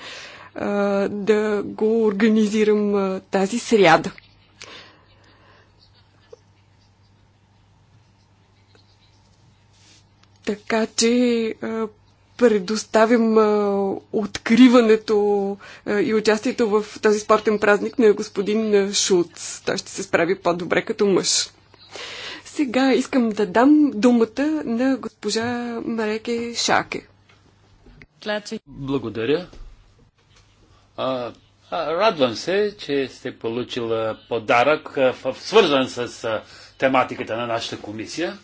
а, да го организирам а, тази сряда. Така че предоставим откриването и участието в този спортен празник на господин Шуц. Той ще се справи по-добре като мъж. Сега искам да дам думата на госпожа Мареке Шаке. Благодаря. А, радвам се, че сте получила подарък, свързан с тематиката на нашата комисия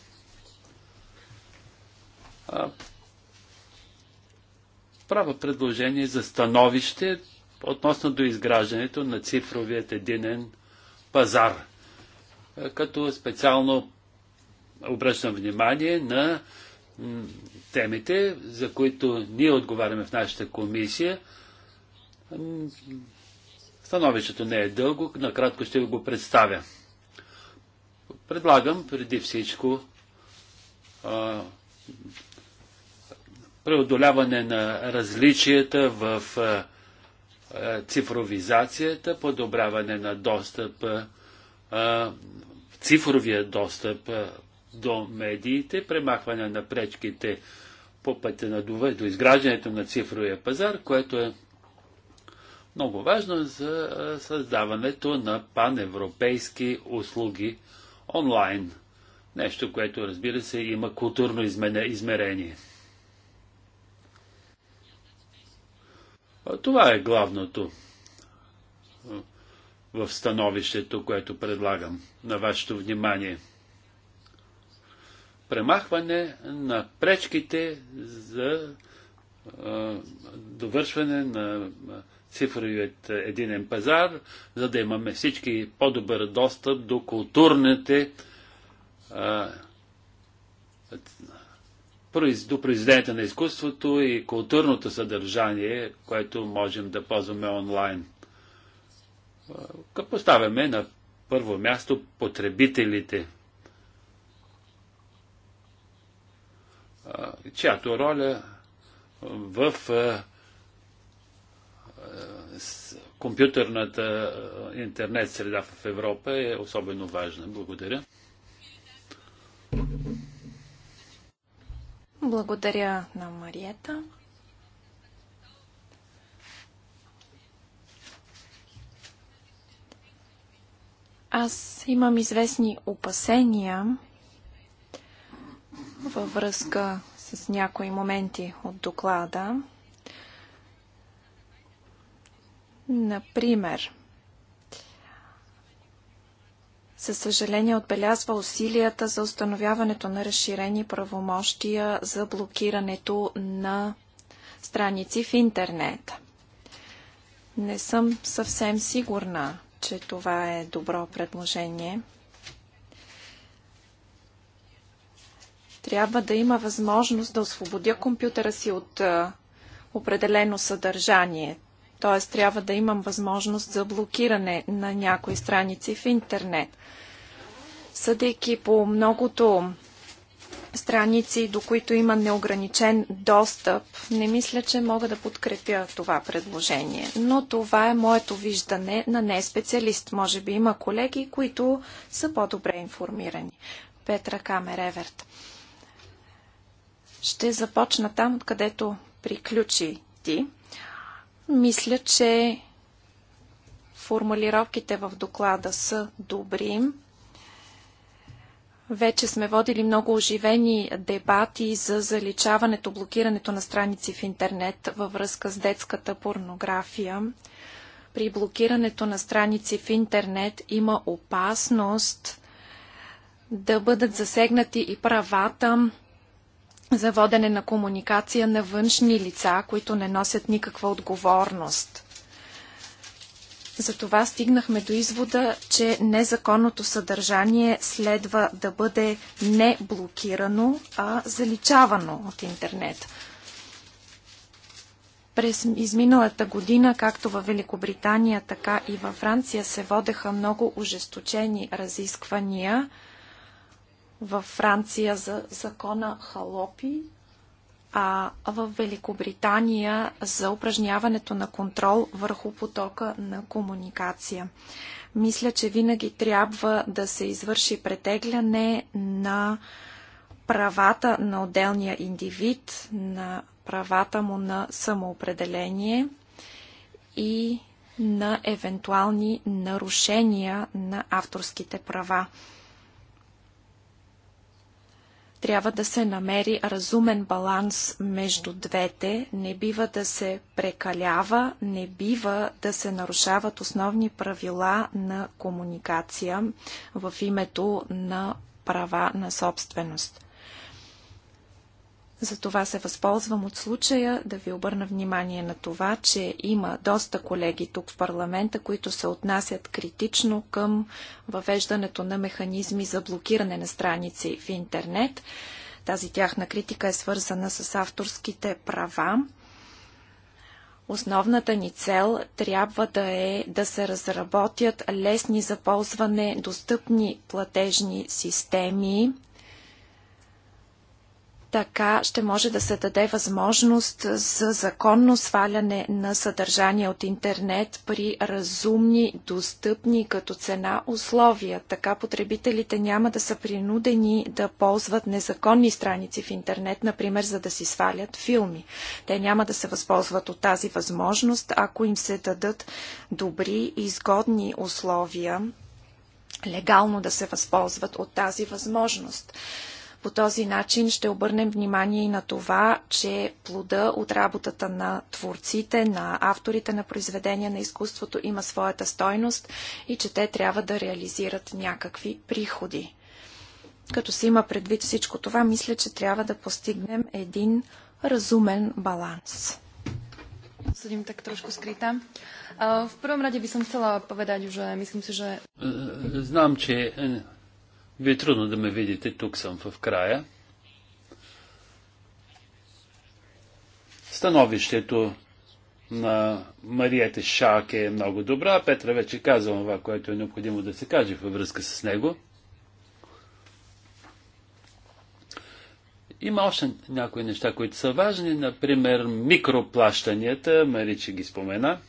правя предложение за становище относно до изграждането на цифровият единен пазар, е, като специално обръщам внимание на темите, за които ние отговаряме в нашата комисия. Становището не е дълго, накратко ще го представя. Предлагам преди всичко преодоляване на различията в цифровизацията, подобряване на достъп, цифровия достъп до медиите, премахване на пречките по пътя на дове, до изграждането на цифровия пазар, което е много важно за създаването на паневропейски услуги онлайн. Нещо, което разбира се има културно измерение. Това е главното в становището, което предлагам на вашето внимание. Премахване на пречките за довършване на цифровият единен пазар, за да имаме всички по-добър достъп до културните до произведенията на изкуството и културното съдържание, което можем да ползваме онлайн. Поставяме на първо място потребителите, чиято роля в компютърната интернет среда в Европа е особено важна. Благодаря. Благодаря на Мариета. Аз имам известни опасения във връзка с някои моменти от доклада. Например, Със съжаление отбелязва усилията за установяването на разширени правомощия за блокирането на страници в интернет. Не съм съвсем сигурна, че това е добро предложение. Трябва да има възможност да освободя компютъра си от определено съдържание т.е. трябва да имам възможност за блокиране на някои страници в интернет. Съдейки по многото страници, до които има неограничен достъп, не мисля, че мога да подкрепя това предложение. Но това е моето виждане на не специалист. Може би има колеги, които са по-добре информирани. Петра Камереверт. Ще започна там, откъдето приключи ти. Мисля, че формулировките в доклада са добри. Вече сме водили много оживени дебати за заличаването, блокирането на страници в интернет във връзка с детската порнография. При блокирането на страници в интернет има опасност да бъдат засегнати и правата за водене на комуникация на външни лица, които не носят никаква отговорност. Затова стигнахме до извода, че незаконното съдържание следва да бъде не блокирано, а заличавано от интернет. През изминалата година, както във Великобритания, така и във Франция, се водеха много ожесточени разисквания – във Франция за закона Халопи, а в Великобритания за упражняването на контрол върху потока на комуникация. Мисля, че винаги трябва да се извърши претегляне на правата на отделния индивид, на правата му на самоопределение и на евентуални нарушения на авторските права трябва да се намери разумен баланс между двете, не бива да се прекалява, не бива да се нарушават основни правила на комуникация в името на права на собственост. Затова се възползвам от случая да ви обърна внимание на това, че има доста колеги тук в парламента, които се отнасят критично към въвеждането на механизми за блокиране на страници в интернет. Тази тяхна критика е свързана с авторските права. Основната ни цел трябва да е да се разработят лесни за ползване, достъпни платежни системи, така ще може да се даде възможност за законно сваляне на съдържание от интернет при разумни, достъпни като цена условия. Така потребителите няма да са принудени да ползват незаконни страници в интернет, например, за да си свалят филми. Те няма да се възползват от тази възможност, ако им се дадат добри и изгодни условия легално да се възползват от тази възможност. По този начин ще обърнем внимание и на това, че плода от работата на творците, на авторите на произведения на изкуството има своята стойност и че те трябва да реализират някакви приходи. Като се има предвид всичко това, мисля, че трябва да постигнем един разумен баланс. Судим так трошко скрита. В първом ради би съм chcela povedať, уже, myslím се, че. Е, е, знам, че е, ви е трудно да ме видите, тук съм в края. Становището на Марията Шаке е много добра. Петра вече казва това, което е необходимо да се каже във връзка с него. Има още някои неща, които са важни, например микроплащанията, Маричи ги спомена –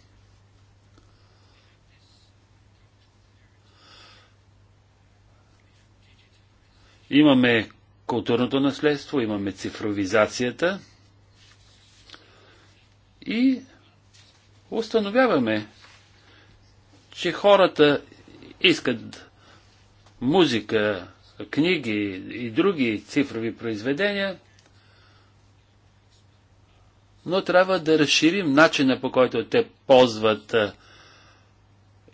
Имаме културното наследство, имаме цифровизацията и установяваме, че хората искат музика, книги и други цифрови произведения, но трябва да разширим начина по който те ползват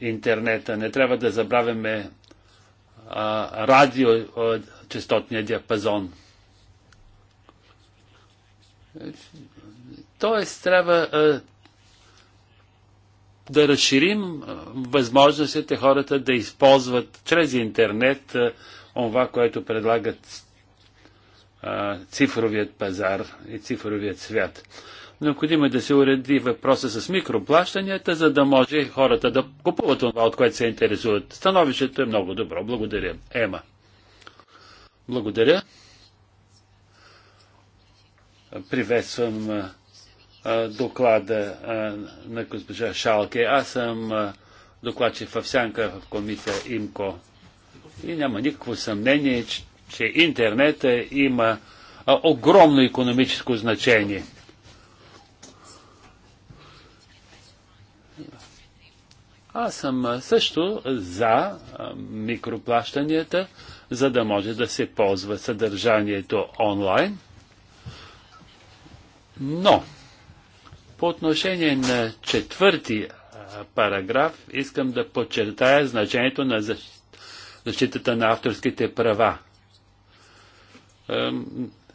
интернета. Не трябва да забравяме радио частотния диапазон. Тоест, трябва да разширим възможностите хората да използват чрез интернет това, което предлагат цифровият пазар и цифровият свят. Необходимо е да се уреди въпроса с микроплащанията, за да може хората да купуват това, от което се интересуват. Становището е много добро. Благодаря. Ема. Благодаря. Приветствам доклада на госпожа Шалке. Аз съм докладчик в Сянка в комисия ИМКО. И няма никакво съмнение, че интернет има огромно економическо значение. Аз съм също за микроплащанията, за да може да се ползва съдържанието онлайн. Но, по отношение на четвърти параграф, искам да подчертая значението на защитата на авторските права.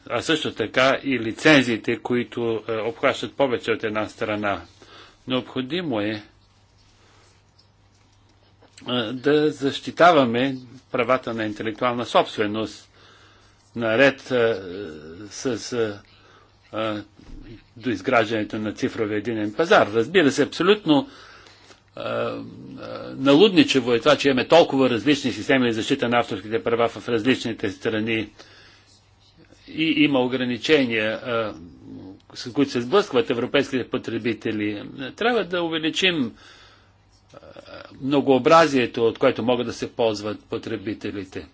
А също така и лицензиите, които обхващат повече от една страна. Необходимо е да защитаваме правата на интелектуална собственост, наред с до изграждането на цифрови единен пазар. Разбира се, абсолютно налудничево е това, че имаме толкова различни системи за защита на авторските права в различните страни и има ограничения, с които се сблъскват европейските потребители. Трябва да увеличим а, многообразието, от което могат да се ползват потребителите.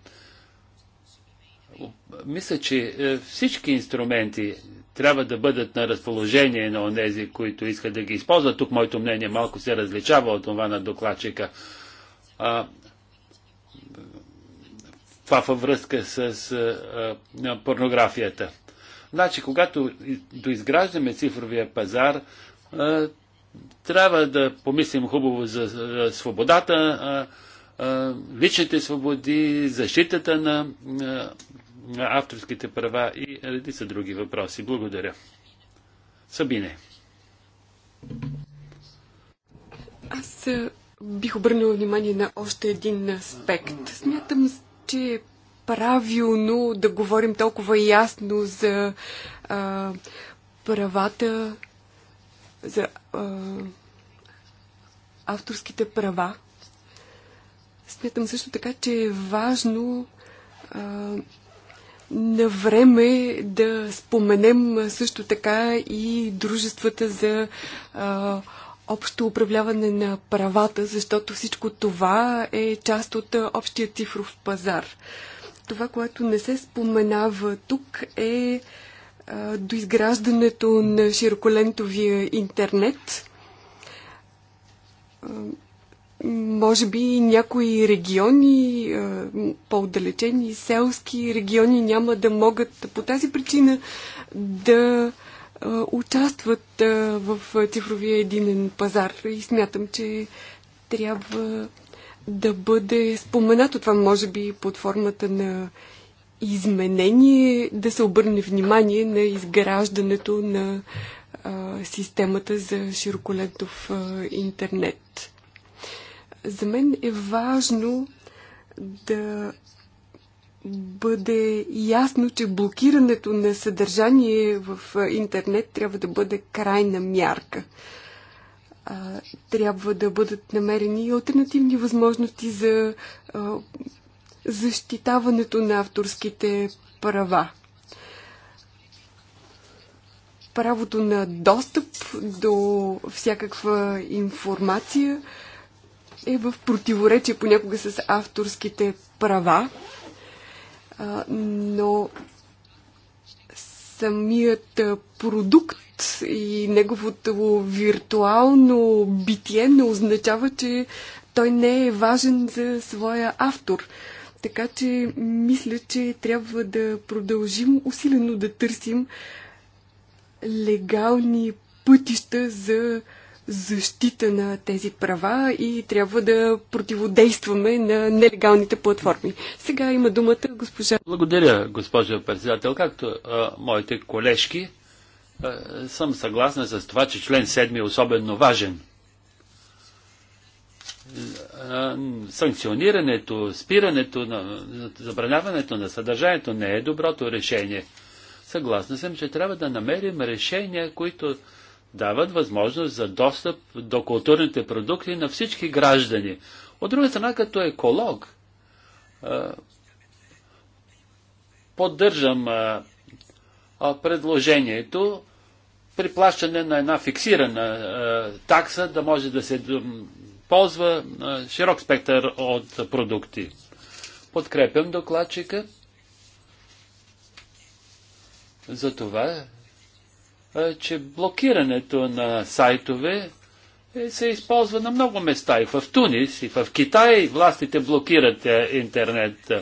Мисля, че е, всички инструменти трябва да бъдат на разположение на онези, които искат да ги използват. Тук моето мнение малко се различава от това на докладчика. А, това във връзка с а, а, е, е, порнографията. Значи, когато доизграждаме цифровия пазар, а, трябва да помислим хубаво за, свободата, личните свободи, защитата на, на авторските права и редица други въпроси. Благодаря. Сабине. Аз бих обърнала внимание на още един аспект. Смятам, че е правилно да говорим толкова ясно за а, правата за а, авторските права. Смятам също така, че е важно а, на време да споменем също така и дружествата за а, общо управляване на правата, защото всичко това е част от общия цифров пазар. Това, което не се споменава тук е а, до изграждането на широколентовия интернет. Може би някои региони, по-отдалечени, селски региони няма да могат по тази причина да участват в цифровия единен пазар. И смятам, че трябва да бъде споменато това, може би, под формата на изменение да се обърне внимание на изграждането на а, системата за широколентов а, интернет. За мен е важно да бъде ясно, че блокирането на съдържание в интернет трябва да бъде крайна мярка. трябва да бъдат намерени и альтернативни възможности за защитаването на авторските права. Правото на достъп до всякаква информация е в противоречие понякога с авторските права, но самият продукт и неговото виртуално битие не означава, че той не е важен за своя автор. Така че мисля, че трябва да продължим усилено да търсим легални пътища за защита на тези права и трябва да противодействаме на нелегалните платформи. Сега има думата госпожа. Благодаря, госпожа председател. Както а, моите колежки, а, съм съгласна с това, че член 7 е особено важен. Е, санкционирането, спирането, на, забраняването на съдържанието не е доброто решение. Съгласна съм, че трябва да намерим решения, които дават възможност за достъп до културните продукти на всички граждани. От друга страна, като еколог, е, поддържам е, предложението при плащане на една фиксирана такса да може да се ползва широк спектър от продукти. Подкрепям докладчика за това, че блокирането на сайтове е, се използва на много места. И в Тунис, и в Китай властите блокират интернет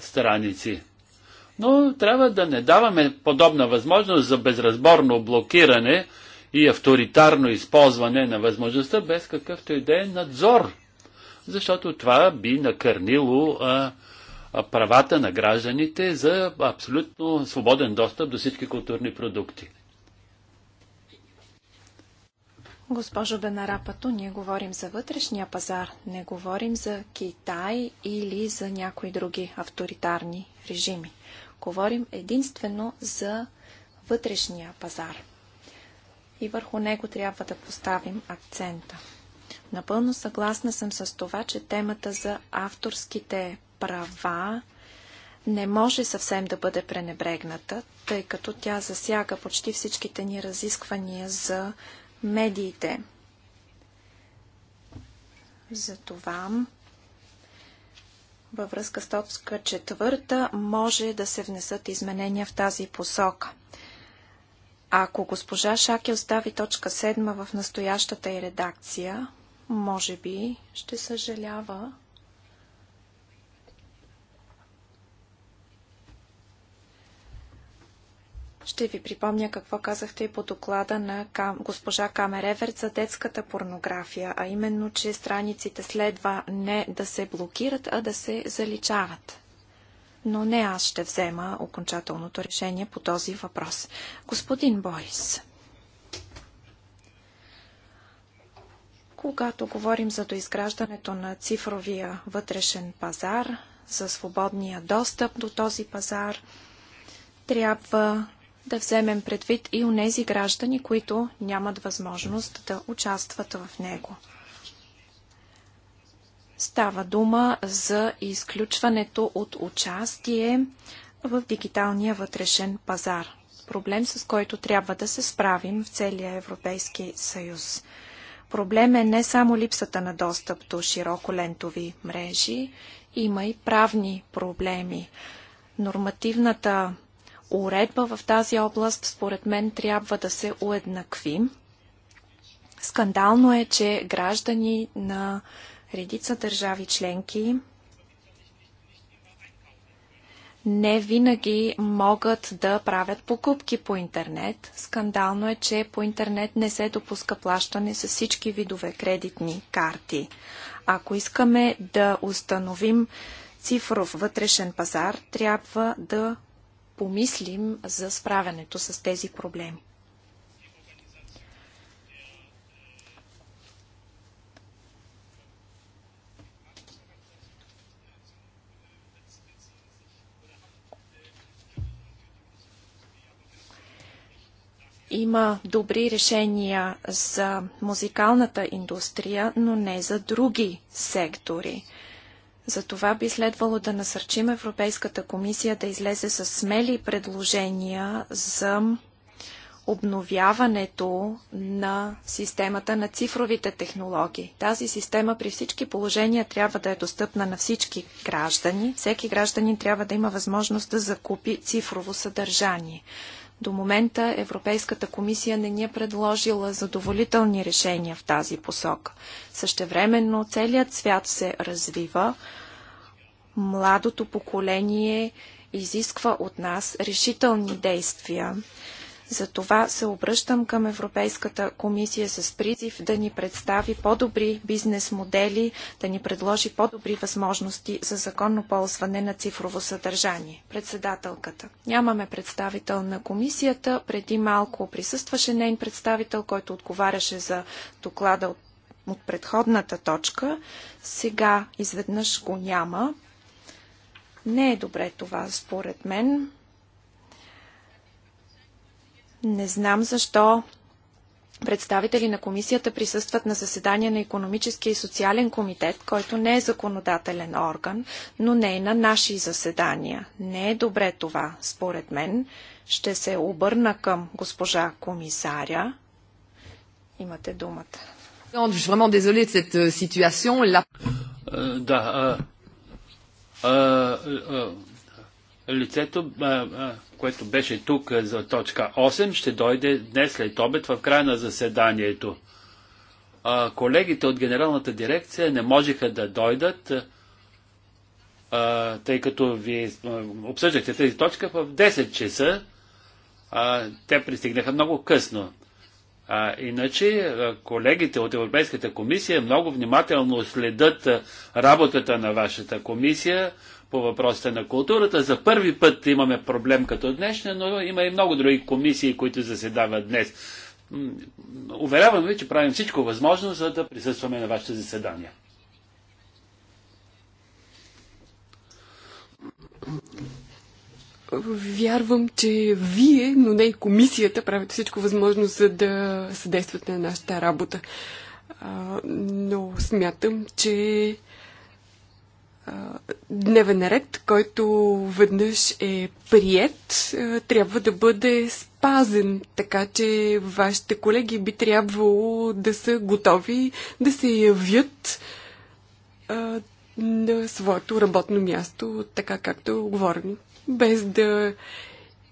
страници. Но трябва да не даваме подобна възможност за безразборно блокиране и авторитарно използване на възможността без какъвто и да е надзор. Защото това би накърнило а, а, правата на гражданите за абсолютно свободен достъп до всички културни продукти. Госпожо Бенарапато, ние говорим за вътрешния пазар, не говорим за Китай или за някои други авторитарни режими. Говорим единствено за вътрешния пазар и върху него трябва да поставим акцента. Напълно съгласна съм с това, че темата за авторските права не може съвсем да бъде пренебрегната, тъй като тя засяга почти всичките ни разисквания за медиите. Затова във връзка с точка четвърта може да се внесат изменения в тази посока. Ако госпожа Шаки остави точка 7 в настоящата й редакция, може би ще съжалява. Ще ви припомня какво казахте и по доклада на кам... госпожа Камереверт за детската порнография, а именно, че страниците следва не да се блокират, а да се заличават но не аз ще взема окончателното решение по този въпрос. Господин Бойс, когато говорим за доизграждането на цифровия вътрешен пазар, за свободния достъп до този пазар, трябва да вземем предвид и у нези граждани, които нямат възможност да участват в него. Става дума за изключването от участие в дигиталния вътрешен пазар. Проблем, с който трябва да се справим в целия Европейски съюз. Проблем е не само липсата на достъп до широколентови мрежи, има и правни проблеми. Нормативната уредба в тази област, според мен, трябва да се уеднакви. Скандално е, че граждани на Редица държави членки не винаги могат да правят покупки по интернет. Скандално е, че по интернет не се допуска плащане с всички видове кредитни карти. Ако искаме да установим цифров вътрешен пазар, трябва да помислим за справянето с тези проблеми. Има добри решения за музикалната индустрия, но не за други сектори. Затова би следвало да насърчим Европейската комисия да излезе с смели предложения за обновяването на системата на цифровите технологии. Тази система при всички положения трябва да е достъпна на всички граждани. Всеки гражданин трябва да има възможност да закупи цифрово съдържание. До момента Европейската комисия не ни е предложила задоволителни решения в тази посока. Същевременно целият свят се развива. Младото поколение изисква от нас решителни действия затова се обръщам към Европейската комисия с призив да ни представи по-добри бизнес модели, да ни предложи по-добри възможности за законно ползване на цифрово съдържание. Председателката. Нямаме представител на комисията. Преди малко присъстваше нейн представител, който отговаряше за доклада от от предходната точка, сега изведнъж го няма. Не е добре това, според мен. Не знам защо представители на комисията присъстват на заседание на економическия и социален комитет, който не е законодателен орган, но не е на наши заседания. Не е добре това, според мен. Ще се обърна към госпожа комисаря. Имате думата. Euh, е, да, лицето, което беше тук за точка 8, ще дойде днес след обед в края на заседанието. А, колегите от генералната дирекция не можеха да дойдат, а, тъй като ви обсъждахте тази точка в 10 часа. А, те пристигнаха много късно. А, иначе колегите от Европейската комисия много внимателно следят работата на вашата комисия по въпросите на културата. За първи път имаме проблем като днешния, но има и много други комисии, които заседават днес. Уверявам ви, че правим всичко възможно, за да присъстваме на вашите заседания. Вярвам, че вие, но не и комисията, правите всичко възможно, за да съдействате на нашата работа. А, но смятам, че а, дневен ред, който веднъж е прият, а, трябва да бъде спазен, така че вашите колеги би трябвало да са готови да се явят а, на своето работно място, така както е оговорено без да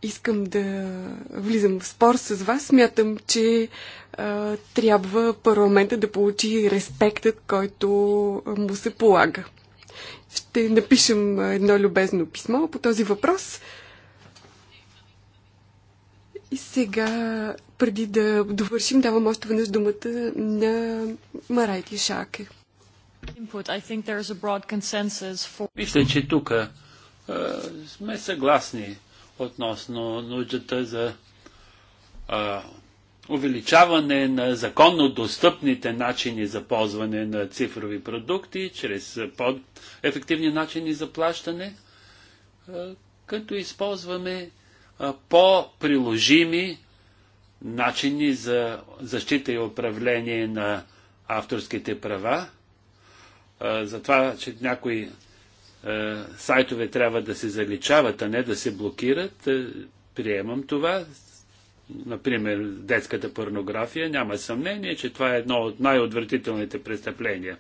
искам да влизам в спор с вас, смятам, че а, трябва парламента да получи респектът, който му се полага. Ще напишем едно любезно писмо по този въпрос. И сега, преди да довършим, давам още веднъж думата на Марайки Шаке. Мисля, че тук е, сме съгласни относно нуждата за а, е, увеличаване на законно достъпните начини за ползване на цифрови продукти чрез по-ефективни начини за плащане, а, е, като използваме по-приложими начини за защита и управление на авторските права. А, затова, че някои е, сайтове трябва да се заличават, а не да се блокират. Е, приемам това. Например, детската порнография. Няма съмнение, че това е едно от най-отвратителните престъпления.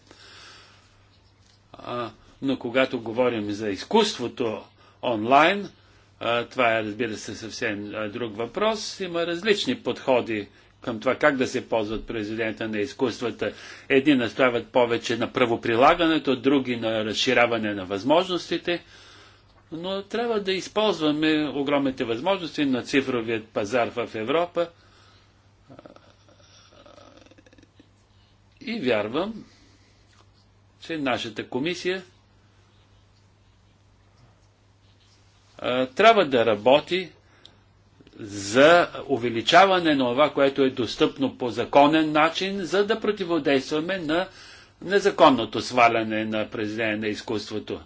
Но когато говорим за изкуството онлайн, това е, разбира се, съвсем друг въпрос. Има различни подходи към това как да се ползват президента на изкуствата. Едни настояват повече на правоприлагането, други на разширяване на възможностите, но трябва да използваме огромните възможности на цифровият пазар в Европа. И вярвам, че нашата комисия трябва да работи за увеличаване на това, което е достъпно по законен начин, за да противодействаме на незаконното сваляне на произведение на изкуството.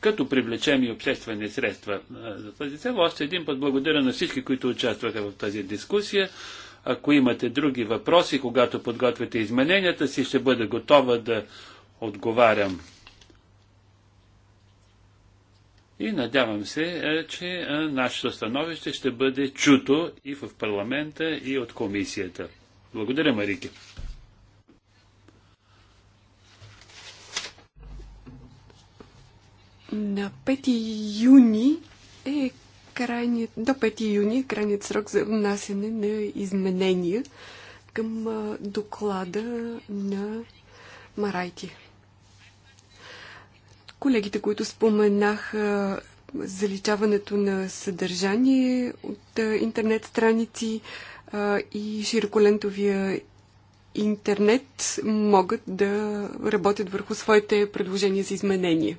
Като привлечем и обществени средства за тази цел, още един път благодаря на всички, които участваха в тази дискусия. Ако имате други въпроси, когато подготвяте измененията си, ще бъда готова да отговарям. И надявам се, е, че е, нашето становище ще бъде чуто и в парламента, и от комисията. Благодаря, Марики. На 5 юни е крайният, до 5 юни е крайният срок за внасяне на изменения към доклада на Марайти. Колегите, които споменах заличаването на съдържание от интернет страници и широколентовия интернет могат да работят върху своите предложения за изменение.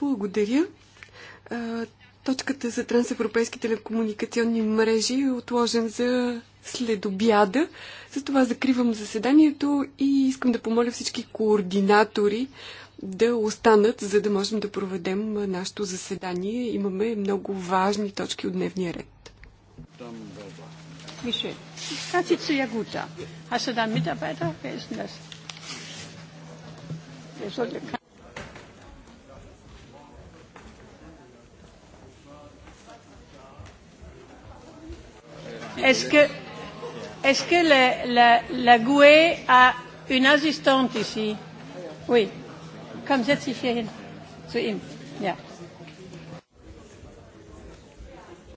Благодаря. Точката за трансевропейски телекомуникационни мрежи е отложен за след обяда. Затова закривам заседанието и искам да помоля всички координатори да останат, за да можем да проведем нашето заседание. Имаме много важни точки от дневния ред. Es que Est-ce que la, la, la GUE a une assistante ici Oui. Comme certifié. C'est Yeah.